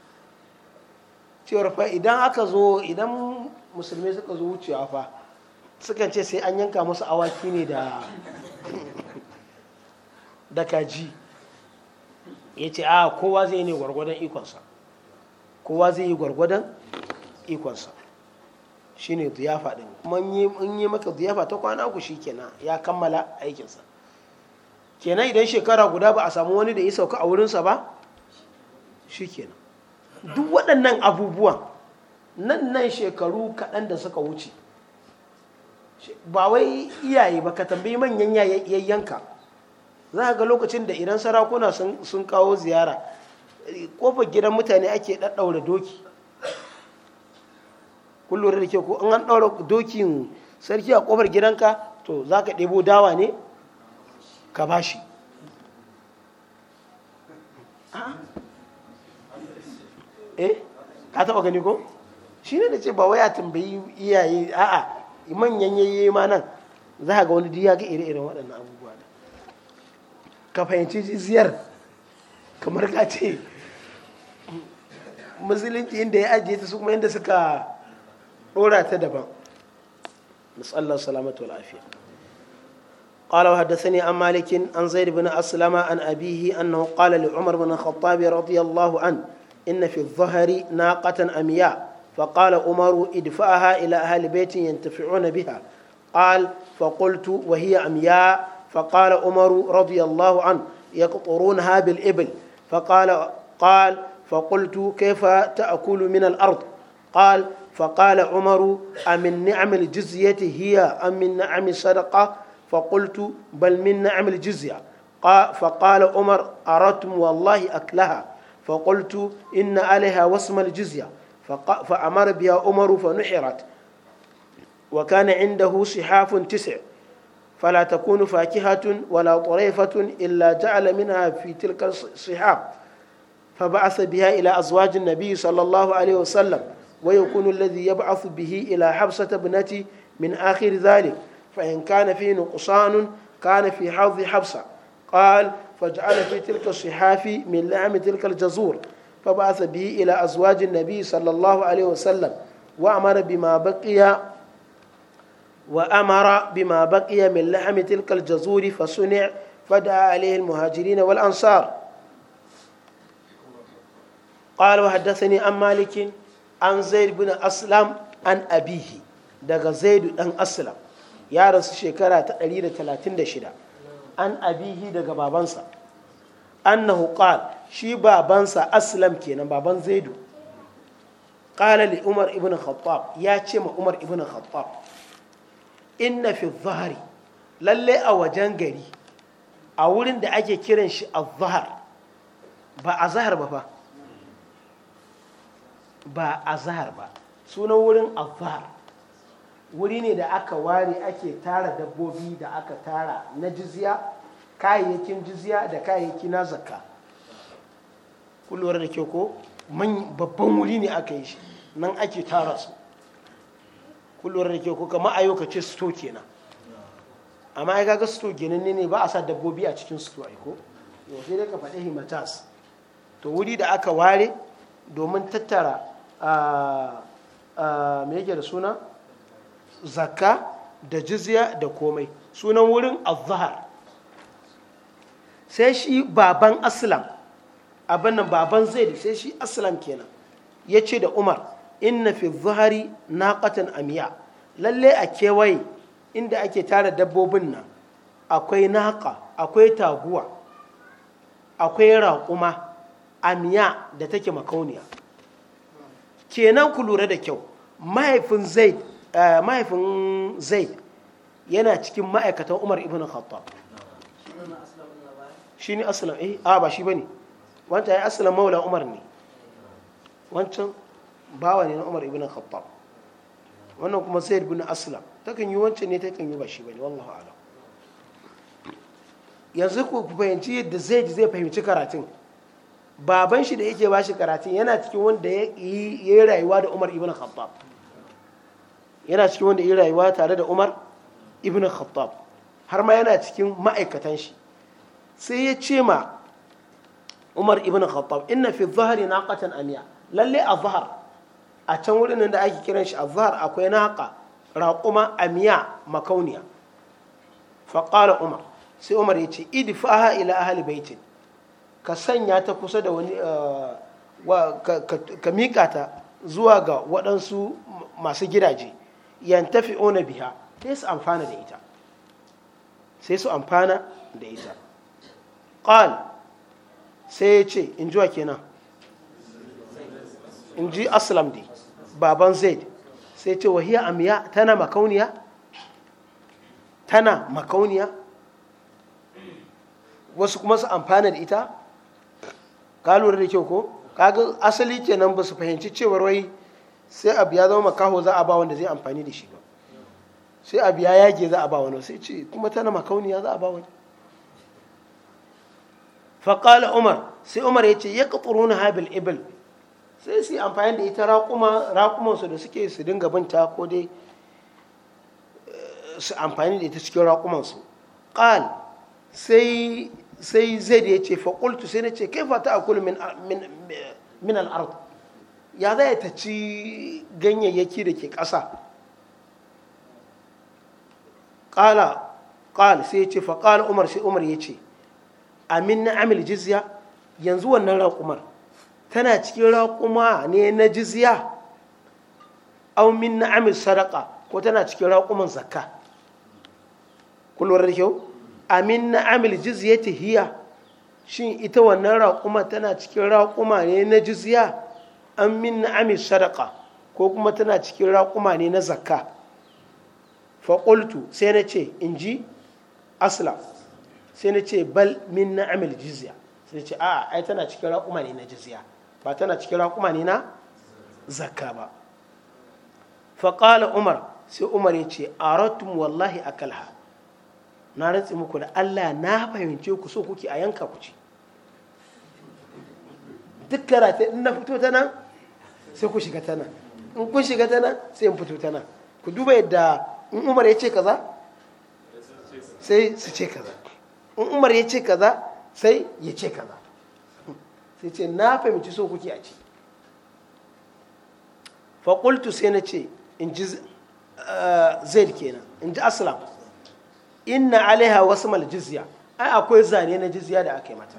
A: cewar fa idan aka zo idan musulmi suka zo wucewa fa sukan ce sai an yanka musu awaki ne da kaji ya ce a kowa zai ne gwargwadon ikonsa kowa zai yi gwargwadon ikonsa shi ne duyafa ɗin kuma in yi maka duyafa ta kwana ku shi kenan ya kammala aikinsa kenan idan shekara guda ba a samu wani da ya sauka a wurinsa ba shi kenan duk waɗannan abubuwan nan nan shekaru kaɗan da suka wuce ba wai iyaye ba ka tambayi manyan yayyanka za ka ga lokacin da idan sarakuna sun kawo ziyara kofar gidan mutane ake ɗaɗɗaura doki kullum da ke ko an ɗaura dokin sarki a kofar gidanka to za ka ɗebo dawa ne ka ba shi eh ka taba gani ko shi ne da ce ba waya tambayi iyaye a'a manyan yayye ma nan za ka ga wani duk ya ga ire-iren waɗannan abubuwa da ka fahimci ziyar kamar ka ce musulunci inda ya ajiye ta su kuma inda suka ɗora ta daban matsalar salamatu lafiya afiya قال وحدثني عن مالك عن زيد بن أسلم عن أبيه أنه قال لعمر بن الخطاب رضي الله عنه إن في الظهر ناقة أمياء فقال عمر ادفعها إلى أهل بيت ينتفعون بها قال فقلت وهي أمياء فقال عمر رضي الله عنه يقطرونها بالإبل فقال قال فقلت كيف تأكل من الأرض قال فقال عمر أمن نعم الجزية هي أم من نعم الصدقة فقلت بل من نعم الجزية فقال عمر أردتم والله أكلها فقلت إن عليها وسم الجزية فأمر بها عمر فنحرت وكان عنده صحاف تسع فلا تكون فاكهة ولا طريفة إلا جعل منها في تلك الصحاف فبعث بها إلى أزواج النبي صلى الله عليه وسلم ويكون الذي يبعث به إلى حفصة ابنتي من آخر ذلك فإن كان فيه نقصان كان في حظ حبسة قال فجعل في تلك الصحاف من لعم تلك الجزور فبعث به إلى أزواج النبي صلى الله عليه وسلم وأمر بما بقي وأمر بما بقي من لحم تلك الجزور فصنع فدعا عليه المهاجرين والأنصار قال وحدثني عن مالك عن زيد بن أسلم عن أبيه دغ زيد بن أسلم ya rasu shekara ta 136 an abihi daga babansa annahu qal shi babansa aslam kenan baban zaidu Ƙalali, umar ibn khattab ya ce ma umar ibn khattab inna fi zahari, lalle a wajen gari a wurin da ake kiran shi a zahar, ba zahar ba ba, ba zahar ba sunan wurin a zahar. wuri ne da aka ware ake tara dabbobi da aka tara na jizya kayayyakin jizya da kayayyaki na zakka kullum da ke ko babban wuri ne aka yi shi nan ake tara su kullum da ke ko kama a ce sto kenan amma ya gaga sto ginanne ne ba a sa dabbobi a cikin sto ko yau sai dai ka faɗi himatas to wuri da aka ware domin tattara ah, ah, me yake da suna zakka da jizya da komai sunan wurin azhar sai shi baban aslam abin nan baban zaid sai shi aslam kenan ya ce da umar inna fi zuhari naqatan amiya lalle a kewaye inda ake tara dabbobin nan akwai naƙa akwai taguwa akwai raƙuma amiya da take makauniya kenan ku lura da kyau mahaifin zaid Eh, mahaifin zaid yana cikin ma'aikatan umar ibn khattab shi ne asalin eh a ba shi ba ne wancan ya asalin maula umar ne wancan bawa ne na umar ibn khattab wannan kuma zaid bin ta kan yi wancan ne ta kan yi ba shi ba ne wallahu ala yanzu ku fahimci yadda ji zai fahimci karatun baban shi da yake ba shi karatun yana cikin wanda ya yi rayuwa da umar ibn khattab yana cikin wanda yi rayuwa tare da umar ibn khattab har ma yana cikin ma'aikatan shi sai ya ce ma umar ibn khattab inna fi zahari naqatan amiya lalle a zahar a can wurin da ake kiran shi a zahar akwai raƙuma a miya makauniya faƙala umar sai umar ya ce idfaha ila ahli baitin ka sanya ta kusa da wani eh, ka mika ta zuwa ga waɗansu masu gidaje ona biha sai su amfana da ita sai su amfana da ita ƙal sai ya ce in ji wa kenan in ji aslam dai baban zaid sai ce wahiya amiya tana makauniya tana makauniya wasu kuma su amfana da ita ka lura da kyau ko kaga asali kenan ba su fahimci cewar wai sai abu ya zama makaho za a ba wanda zai amfani da shi ba sai abu ya yage za a ba wani sai ce kuma tana makauniya za a ba wani faƙala umar sai umar ya ce ya ƙaƙuru na habil ibil sai su amfani da ita raƙumansu da suke su dinga binta ko dai eh, su amfani da ita cikin raƙumansu ƙal sai zai da ya ce faƙultu sai na ce kai fata a kulu min al'arta. ya zai ta ci ganyayyaki da ke ƙasa ƙala ƙala sai ya ce fa ƙala umar sai umar ya ce amin na amil jizya yanzu wannan raƙumar tana cikin raƙuma ne na jizya au min na amil sadaka ko tana cikin raƙuman zakka kulwar da kyau amin na amil jizya ta hiya shin ita wannan raƙuma tana cikin raƙuma ne na jizya an min na'ami sadaka ko kuma tana cikin raƙuma ne na zakka faƙultu sai na ce in ji aslam sai na ce bal min na'amil jizya sai na ce a'a ai tana cikin raƙuma ne na jizya ba tana cikin raƙuma ne na zakka ba faƙala umar sai umar ya ce a ratun wallahi akalha na rantsi muku da allah na fahimce ku so kuke a yanka ku ci duk karate in na fito ta nan sai ku shiga tana in kun shiga tana sai in fito tana ku duba yadda in umar ya ce kaza sai su ce kaza in umar ya ce kaza sai ya ce kaza sai ce na fahimci so kuke a ci faƙultu sai na ce in ji eh, zaid kenan in ji aslam inna alaiha wasu maljizya ai akwai zane na jizya da aka yi mata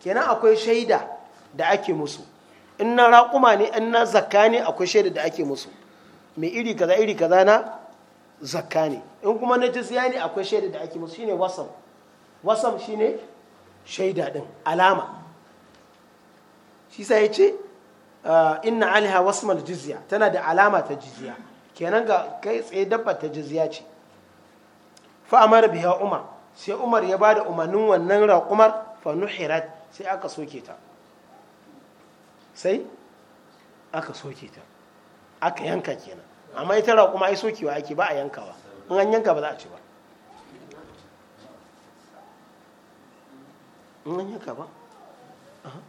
A: kenan akwai shaida da ake musu in na raƙuma ne in na zakka ne akwai shaida da ake musu mai iri kaza iri kaza na zakka ne in kuma na jisiya ne akwai shaida da ake musu shine wasam wasam shine shaida din alama shi sa ya ce ah, inna alha wasmal jizya tana da alama ta jizya kenan ga kai tsaye dabba ta jizya ce fa amara biha umar sai umar ya bada umarnin wannan raƙumar fa nuhirat sai aka soke ta sai aka soke ta aka yanka kenan amma ita raƙuma ai sokewa ake ba a yankawa in an yanka ba za a ci ba in an yanka ba um,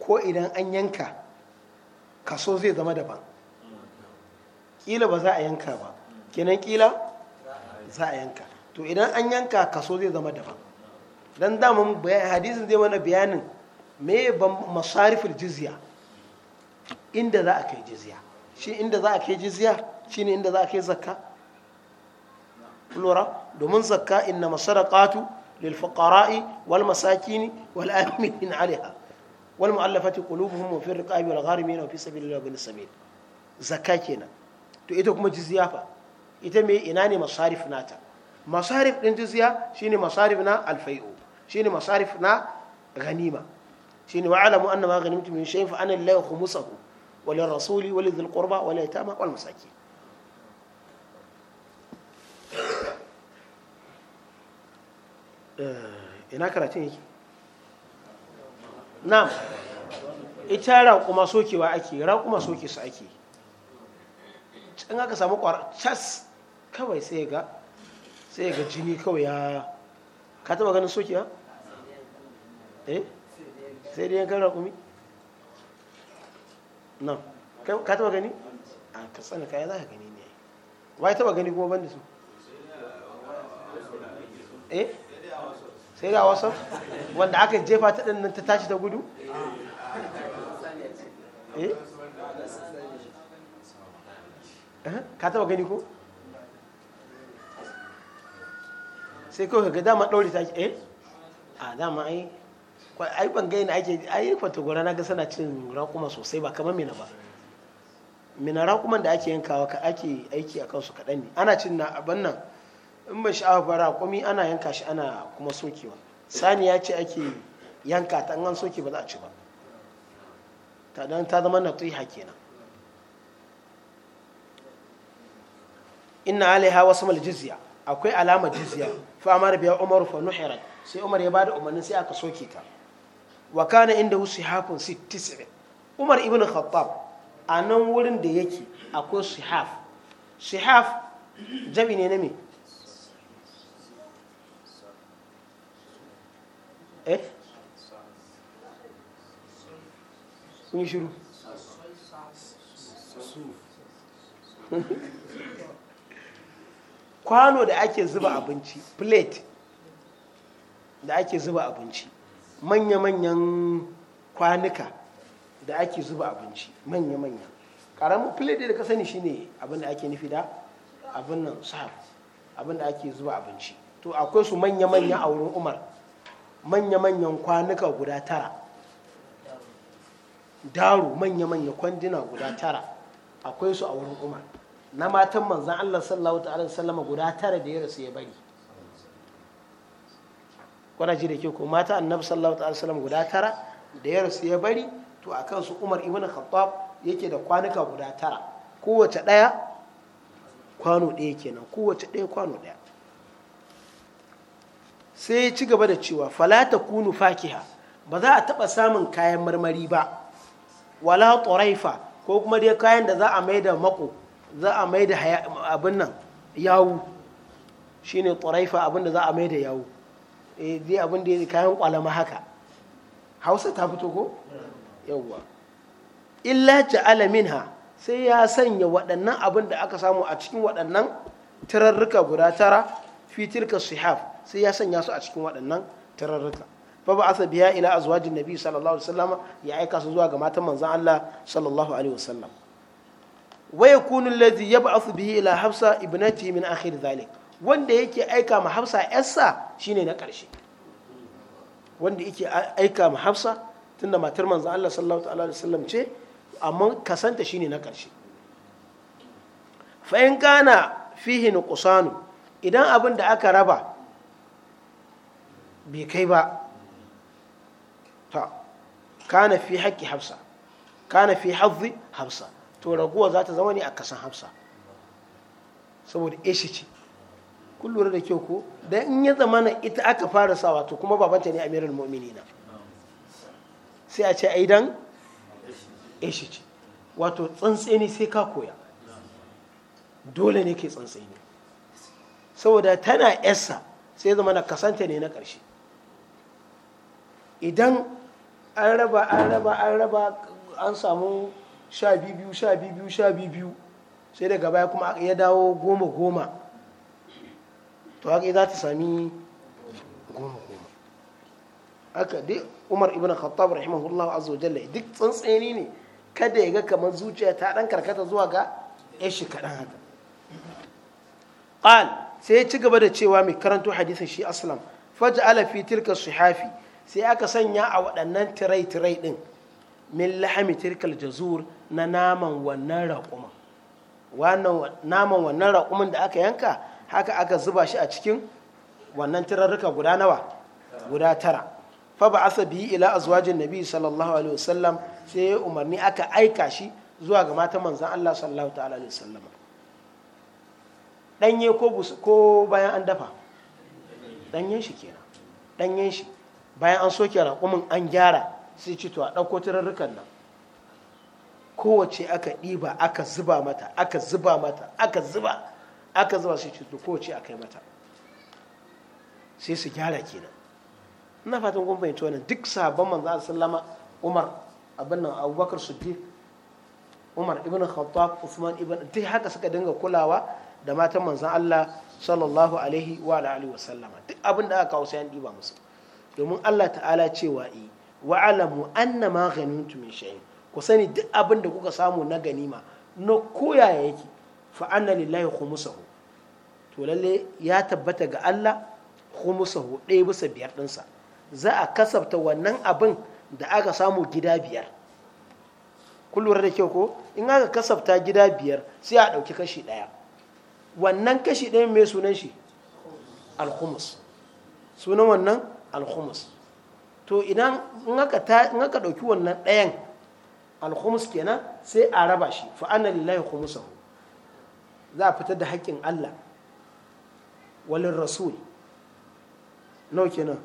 A: ko idan an yanka kaso zai zama daban kila ba za a yanka ba kenan kila za a yanka to idan an yanka kaso zai zama daban dan damun hadisin zai mana bayanin me ban masarifin jizya inda za a kai jizya shi inda za a kai jizya ne inda za a kai zakka lura domin zakka inna masadaqatu lil fuqara'i wal masakini wal amilin alaiha wal mu'allafati qulubuhum wa fi riqabi wal gharimin wa fi sabilillahi wa sabil zakka kenan to ita kuma jizya fa ita me ina ne masarif nata masarif din jizya shine masarif na alfai'u shine masarif na ganima shine wa alamu anna ma ghanimtum min shay'in fa anna lillahi khumsahu wa lirrasuli wa lidhil qurba wa lil yatama wal masakin ina karatun yake na ita raƙuma sokewa ake raƙuma soke su ake in aka samu ƙwarar cas kawai sai ga sai ga jini kawai ya ka taba ganin sokewa eh sai dai yankan raƙumi na ka taba gani a ka tsana kaya za ka gani ne wa ya taba gani kuma ban da su eh sai da wasan wanda aka jefa ta ɗin ta tashi ta gudu eh? Eh? ka taba gani ko sai kawai ga dama ɗauri ta eh a dama ai ai bangai na ake ai kwatagora na ga sana cin raƙuma sosai ba kamar mina ba mina raƙuman da ake yankawa ka ake aiki a kansu kaɗan ne ana cin na abannan nan in ban sha'awa bara kwami ana yanka shi ana kuma sokewa ya ce ake yanka ta an soke ba za a ci ba ta dan ta zama na hake na. inna alaiha wasu maljizya akwai alama jiziya fa amar biya umar fa nuhirat sai umar ya bada umarnin sai aka soke ta wa kana inda wasu hafin sittisir umar ibn khattab a nan wurin da yake akwai sihaf shihaf jami ne na me Eh? kwano da ake zuba abinci plate da ake zuba abinci manya-manyan kwanuka da ake zuba abinci manya-manya Karamin plate da ka sani shine abin da ake nufi da abin nan sahab abin da ake zuba abinci to akwai su manya-manya a wurin umar manya-manyan kwanuka guda tara daru manya-manya kwandina guda tara akwai su a wurin umar na matan manzan allah sallallahu ta'ala sallama guda tara da ya rasu ya bari kwanaci da ke ko mata annabi sallallahu ta'ala sallama guda tara da ya rasu ya bari to a kansu umar ibn khattab yake da kwanuka guda tara kowace ɗaya kwano ɗaya kenan kowace ɗaya kwano ɗaya sai ya ci gaba da cewa falata kunu fakiha ba za a taɓa samun kayan marmari ba wala tsoraifa ko kuma dai kayan da za a mai da mako za a mai da abin nan yawu shi ne tsoraifa abin da za a mai da yawu zai eh, abin da ya kayan kwalama haka hausa ta fito ko yawwa illa alamin ha sai ya sanya waɗannan abin da aka samu a cikin waɗannan tirarruka guda tara fitirka sihaf sai ya sanya su a cikin waɗannan tararruka fa ba asa biya ila azwajin nabi sallallahu alaihi wasallam ya aika su zuwa ga matan manzon Allah sallallahu alaihi wasallam wa yakunu alladhi yab'athu bihi ila hafsa ibnati min akhir dhalik wanda yake aika ma hafsa yarsa shine na ƙarshe wanda yake aika ma hafsa tunda matar manzon Allah sallallahu alaihi wasallam ce amma kasanta shine na ƙarshe fa in kana fihi nuqsanu idan abin da aka raba bai kai ba ta kana fi haƙƙi hafsa kana fi haɗi hafsa to raguwa za ta zama ne a kasan hafsa saboda ishi ce kun da kyau ko da in ya zamana ita aka fara sa to kuma babanta ne amirul mu'minina sai a ce aidan ishi ce wato tsantseni sai ka koya dole ne ke tsantseni saboda tana yasa sai zama na kasanta ne na ƙarshe idan an raba an raba an raba an samu sha biyu sha biyu sha biyu sai daga baya kuma ya dawo goma goma to haka za ta sami goma goma haka dai umar ibn khattab rahimahullahu azza wa jalla duk tsantseni ne kada ya ga kamar zuciya ta dan karkata zuwa ga ya shi kadan haka qal sai ya ci gaba da cewa mai karanto hadisin shi aslam faj'ala fi tilka suhafi sai aka sanya a waɗannan tirai-tirai ɗin min lahami tirkal jazur na naman wannan raƙumin naman wannan raƙumin da aka yanka haka aka zuba shi a cikin wannan tirarruka guda nawa guda tara fa ba asa biyi ila azwajin nabi sallallahu alaihi wasallam sai ya umarni aka aika shi zuwa ga mata manzan Allah sallallahu ta'ala alaihi wasallam danye ko bayan an dafa danyen shi kenan danyen shi bayan an soke raƙumin an gyara sai ce to a ɗauko turarrukan nan kowace aka ɗiba aka zuba mata aka zuba mata aka zuba aka zuba sai ce to kowace aka yi mata sai su gyara kenan ina fatan kun fahimci wannan duk sabon manzo a sallama umar abin nan abubakar siddiq umar ibn khattab usman ibn duk haka suka dinga kulawa da matan manzon allah sallallahu alaihi wa alihi wa sallama duk abin da aka kawo sai an ɗiba musu domin Allah ta'ala cewa yi wa'alamu anna ma ghanimtum min shay'in ku sani duk abin da kuka samu na ganima na ya yake fa anna lillahi to lalle ya tabbata ga Allah khumsahu ɗaya bisa biyar ɗinsa za a kasabta wannan abin da aka samu gida biyar kun da kyau ko in aka kasafta gida biyar sai a ɗauki kashi ɗaya wannan kashi ɗaya mai sunan shi alhumus sunan wannan alhumus to idan in aka ɗauki wannan ɗayan alhumus kenan sai a raba shi fa'ana lillahi khumusahu za a fitar da haƙƙin Allah walin rasul nau kenan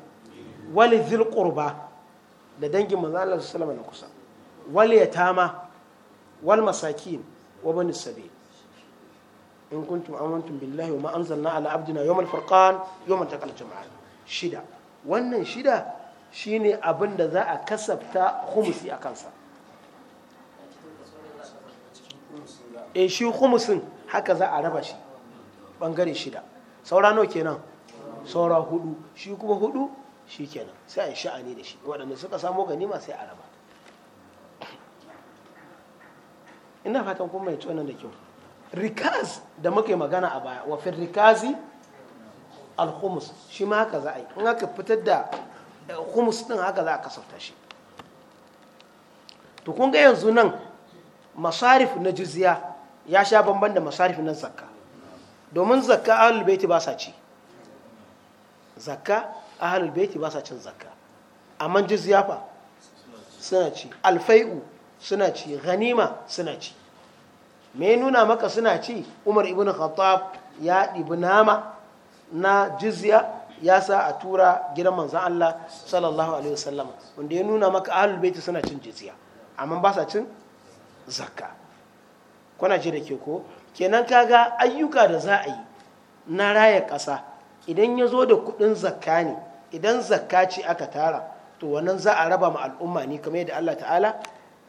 A: wali zil qurba da dangin manzo Allah sallallahu alaihi kusa ya tama wal masakin wa bani in kuntum amantum billahi wa ma anzalna ala abdina yawmal farkon yawmal taqal jama'an shida wannan shida shine abin da za a kasafta humusi a kansa e shi humusin haka za a raba shi bangare shida saura nawa kenan saura hudu shi kuma hudu shi kenan sai a sha'ani da shi waɗanda suka samo ganima sai a raba ina fatan kuma mai tsonan da kyau rikaz da muka yi magana a baya wafin rikazi alhumus shi ma haka za a yi in aka fitar da eh, humus din haka za a kasauta shi to kun ga yanzu nan masarif na jizya ya sha banban da masarif na zakka domin zakka a baiti ba sa ci zakka a baiti ba sa cin zakka amma jizya fa suna ci alfai'u suna ci ganima suna ci me nuna maka suna ci umar ibn khattab ya ɗibi nama na jizya ya sa a tura gidan manzan Allah sallallahu alaihi wasallam wanda ya nuna maka ahlul baiti suna cin jizya amma ba sa cin zakka kuna ji da ke ko kenan kaga ayyuka da za a yi na raya ƙasa idan ya zo da kuɗin zakka ne idan zakka ce aka tara to wannan za a raba ma al'umma ne kamar yadda Allah ta'ala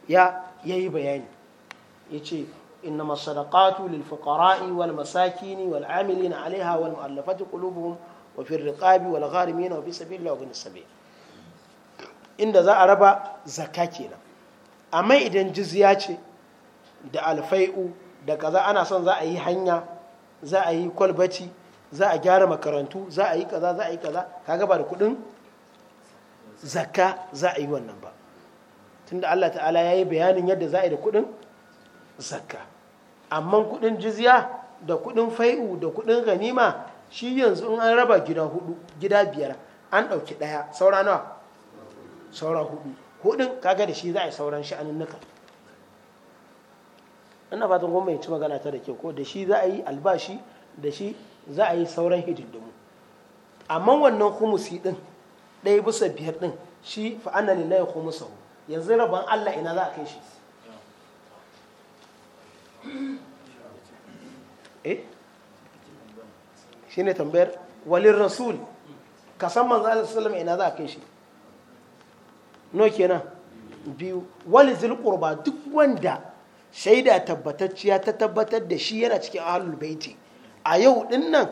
A: ya yayi bayani ya ce إنما الصدقات للفقراء والمساكين والعاملين عليها والمؤلفة قلوبهم وفي الرقاب والغارمين وفي سبيل الله وابن السبيل inda za raba zaka kenan amma idan jizya ce da alfai'u da kaza ana son za a yi hanya za a yi kwalbaci za a gyara makarantu za a yi kaza za yi kaza kaga ba da kuɗin zakka za yi wannan ba tunda Allah ta'ala ya yi bayanin yadda za a yi da kudin zakka amma kuɗin jizya da kuɗin fai'u da kuɗin ganima shi yanzu in an raba gida hudu gida biyar an ɗauki ɗaya saura nawa saura hudu hudun kaga da shi za a yi sauran sha'anin nuka ina fatan kuma mai ci magana ta da kyau ko da shi za a yi albashi da shi za a yi sauran hididdimu amma wannan humusi din ɗaya bisa biyar din shi fa'ana lillahi humusahu yanzu rabon allah ina za a kai shi eh shine tambayar walin rasul ka san manzo Allah sallallahu ina za a kai shi no kenan biyu wali zil qurba duk wanda shaida tabbatacciya ta tabbatar da shi yana cikin ahlul baiti a yau din nan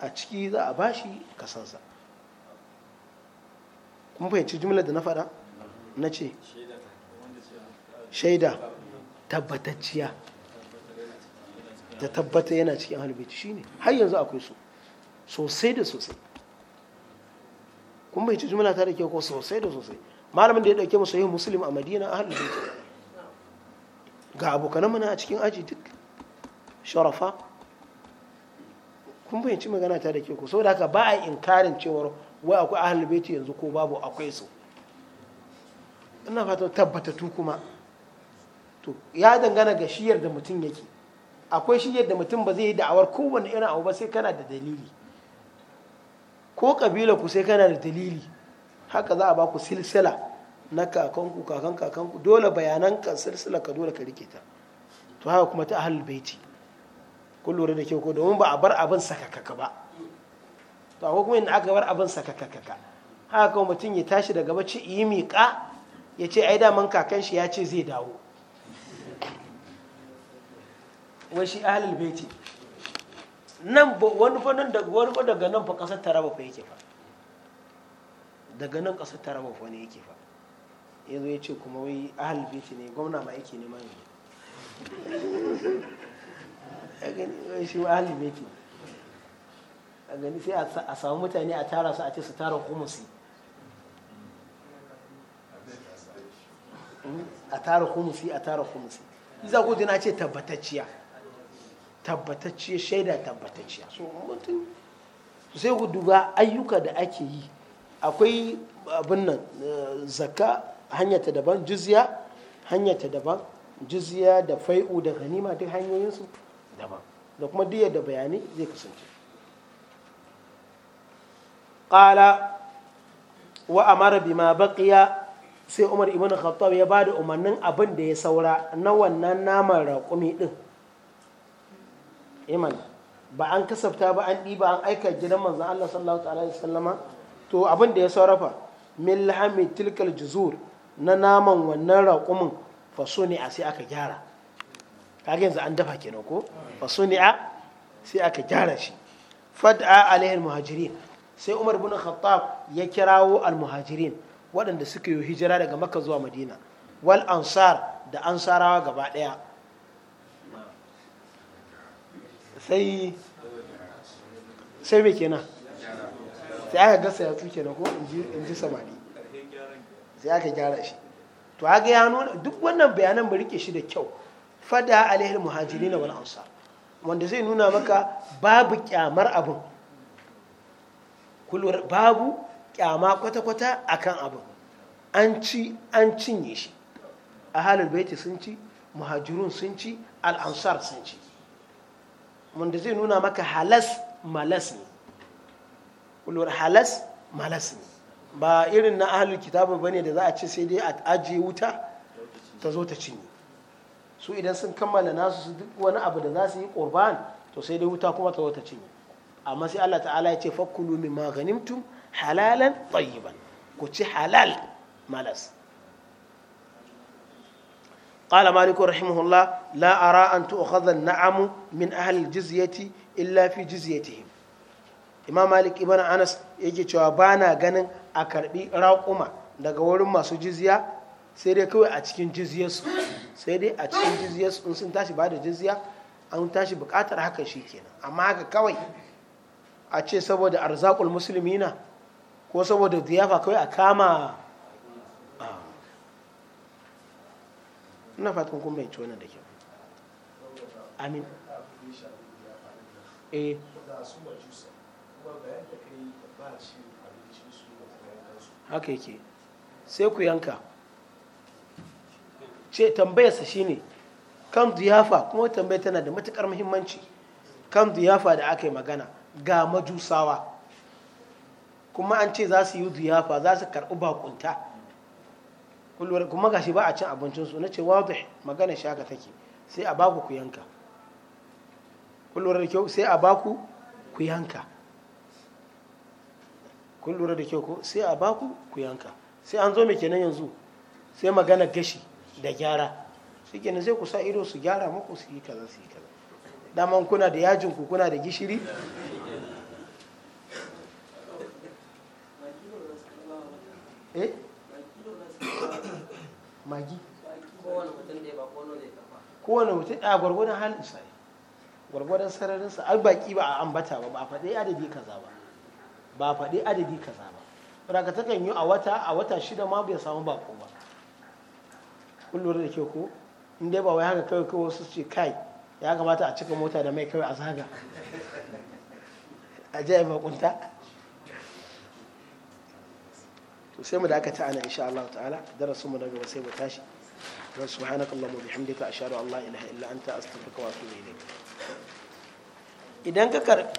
A: a ciki za a bashi kasansa kun fahimci jumla da na faɗa na ce shaida tabbatacciya da tabbata yana cikin halibaiti shi shine har yanzu akwai su sosai da sosai kun bai ci jumla ta da ke ko sosai da sosai malamin da ya dauke musu yin muslim a madina a halibaiti ga abokanan mana a cikin aji duk sharafa kun bayyanci magana ta da ke ko saboda haka ba a inkarin cewar wai akwai ahlul baiti yanzu ko babu akwai su ina fata tabbata kuma to ya dangana ga shiyar da mutum yake akwai shi yadda mutum ba zai yi da'awar kowane irin abu ba sai kana da dalili ko kabila ku sai kana da dalili haka za a ba ku silsila na kakanku kakan kakanku dole bayanan ka silsila ka dole ka rike ta to haka kuma ta ahal baiti ku lura da kyau ko domin ba a bar abin sakakaka ba to akwai kuma inda aka bar abin sakakaka haka kuma mutum ya tashi daga bacci yi miƙa ya ce ai daman kakan shi ya ce zai dawo wai shi ahlul baiti nan wani fa nan daga wani daga nan fa kasar taraba fa yake fa daga nan kasar taraba fa ne yake fa yanzu ya ce kuma wai ahlul baiti ne gwamna ma yake neman ne shi ma ahlul baiti a gani sai a samu mutane a tara su a ce su tara kumusi hmm? a tara kumusi a tara kumusi za ku dina ce tabbatacciya tabbatacciya shaida tabbatacciya so mutum sai ku duba ayyuka da ake yi akwai abin nan eh, zakka hanyata daban jizya hanyata daban jizya da fai'u da ganima duk hanyoyinsu daban da kuma duk da bayani zai kasance ƙala wa amara bima baqiya sai umar ibn khattab ya ba da umarnin abin da ya saura na wannan naman raƙumi ɗin. ba an kasafta ba an ɗiba an aika gidan manzon Allah sallallahu alaihi wasallama to abin da ya sarrafa min lahami tilkal juzur na naman wannan raƙumin fasuni a sai aka gyara kaga yanzu an dafa kenan ko fasuni a sai aka gyara shi fad'a alaihi muhajirin sai Umar bin Khattab ya kirawo al-muhajirin waɗanda suka yi hijira daga Makka zuwa Madina wal ansar da ansarawa gaba ɗaya sai sai me kenan sai aka gasa yatsu kenan ko in ji samari sai aka gyara shi to haka ya nuna duk wannan bayanan ba rike shi da kyau fada alaihil muhajirin wal ansar wanda zai nuna maka babu kyamar abin babu kyama kwata-kwata akan abin an ci an cinye shi a halin baiti sun ci muhajirun sun ci al'ansar sun ci wanda zai nuna maka halas malas ne kulwar halas malas ne ba irin na ahalul kitabu ba ne da za a ce sai dai a ajiye wuta ta zo ta cinye su idan sun kammala nasu su duk wani abu da za su yi ƙurban to sai dai wuta kuma ta zo ta cinye amma sai Allah ta'ala ya ce fakkulu min ma ganimtum halalan tayyiban ku ci halal malas qala maliku rahimahullah la ara an tu'khadha an-na'amu min ahli al-jizyati illa fi jizyatihim imam malik ibn anas yake cewa bana ganin a karbi raƙuma daga wurin masu jizya sai dai kawai a cikin jizyarsu sai dai a cikin jizyarsu in sun tashi ba da jizya an tashi buƙatar hakan shi kenan amma haka kawai a ce saboda arzakul musulmi ko saboda ziyafa kawai a kama ina fatan kun bai ci wannan da kyau amin eh sai ku yanka ce tambayarsa shine kan ziyafa kuma tambaya tana da matukar muhimmanci kan ziyafa da aka yi magana ga majusawa kuma an ce za su yi ziyafa za su karɓi bakunta kuma gashi ba a cin abincinsu na ce wadda magana shaka take sai a baku ku yanka kun da kyau sai a baku ku yanka kun da kyau ko sai a baku ku yanka sai an zo mai kenan yanzu sai magana gashi da gyara shi kenan sai ku sa ido su gyara maku su yi kaza su yi kaza daman kuna da yajin ku kuna da gishiri eh magi kowane mutum a gwargwadon halin gwargwadon sararin sa ai baki ba a ambata ba ba a faɗi adadi kaza ba ba a faɗi adadi kaza ba raka kan yi a wata a wata shida ma bai samu bako ba kullum da ke ko in dai ba wai haka kawai kawai wasu ce kai ya kamata a cika mota da mai kawai a zaga a ji a bakunta to sai mu dakata ana insha Allah ta'ala darasin mu daga gaba sai mu tashi subhanakallahumma bihamdika ashhadu an la ilaha illa anta astaghfiruka wa atubu ilayk idan ka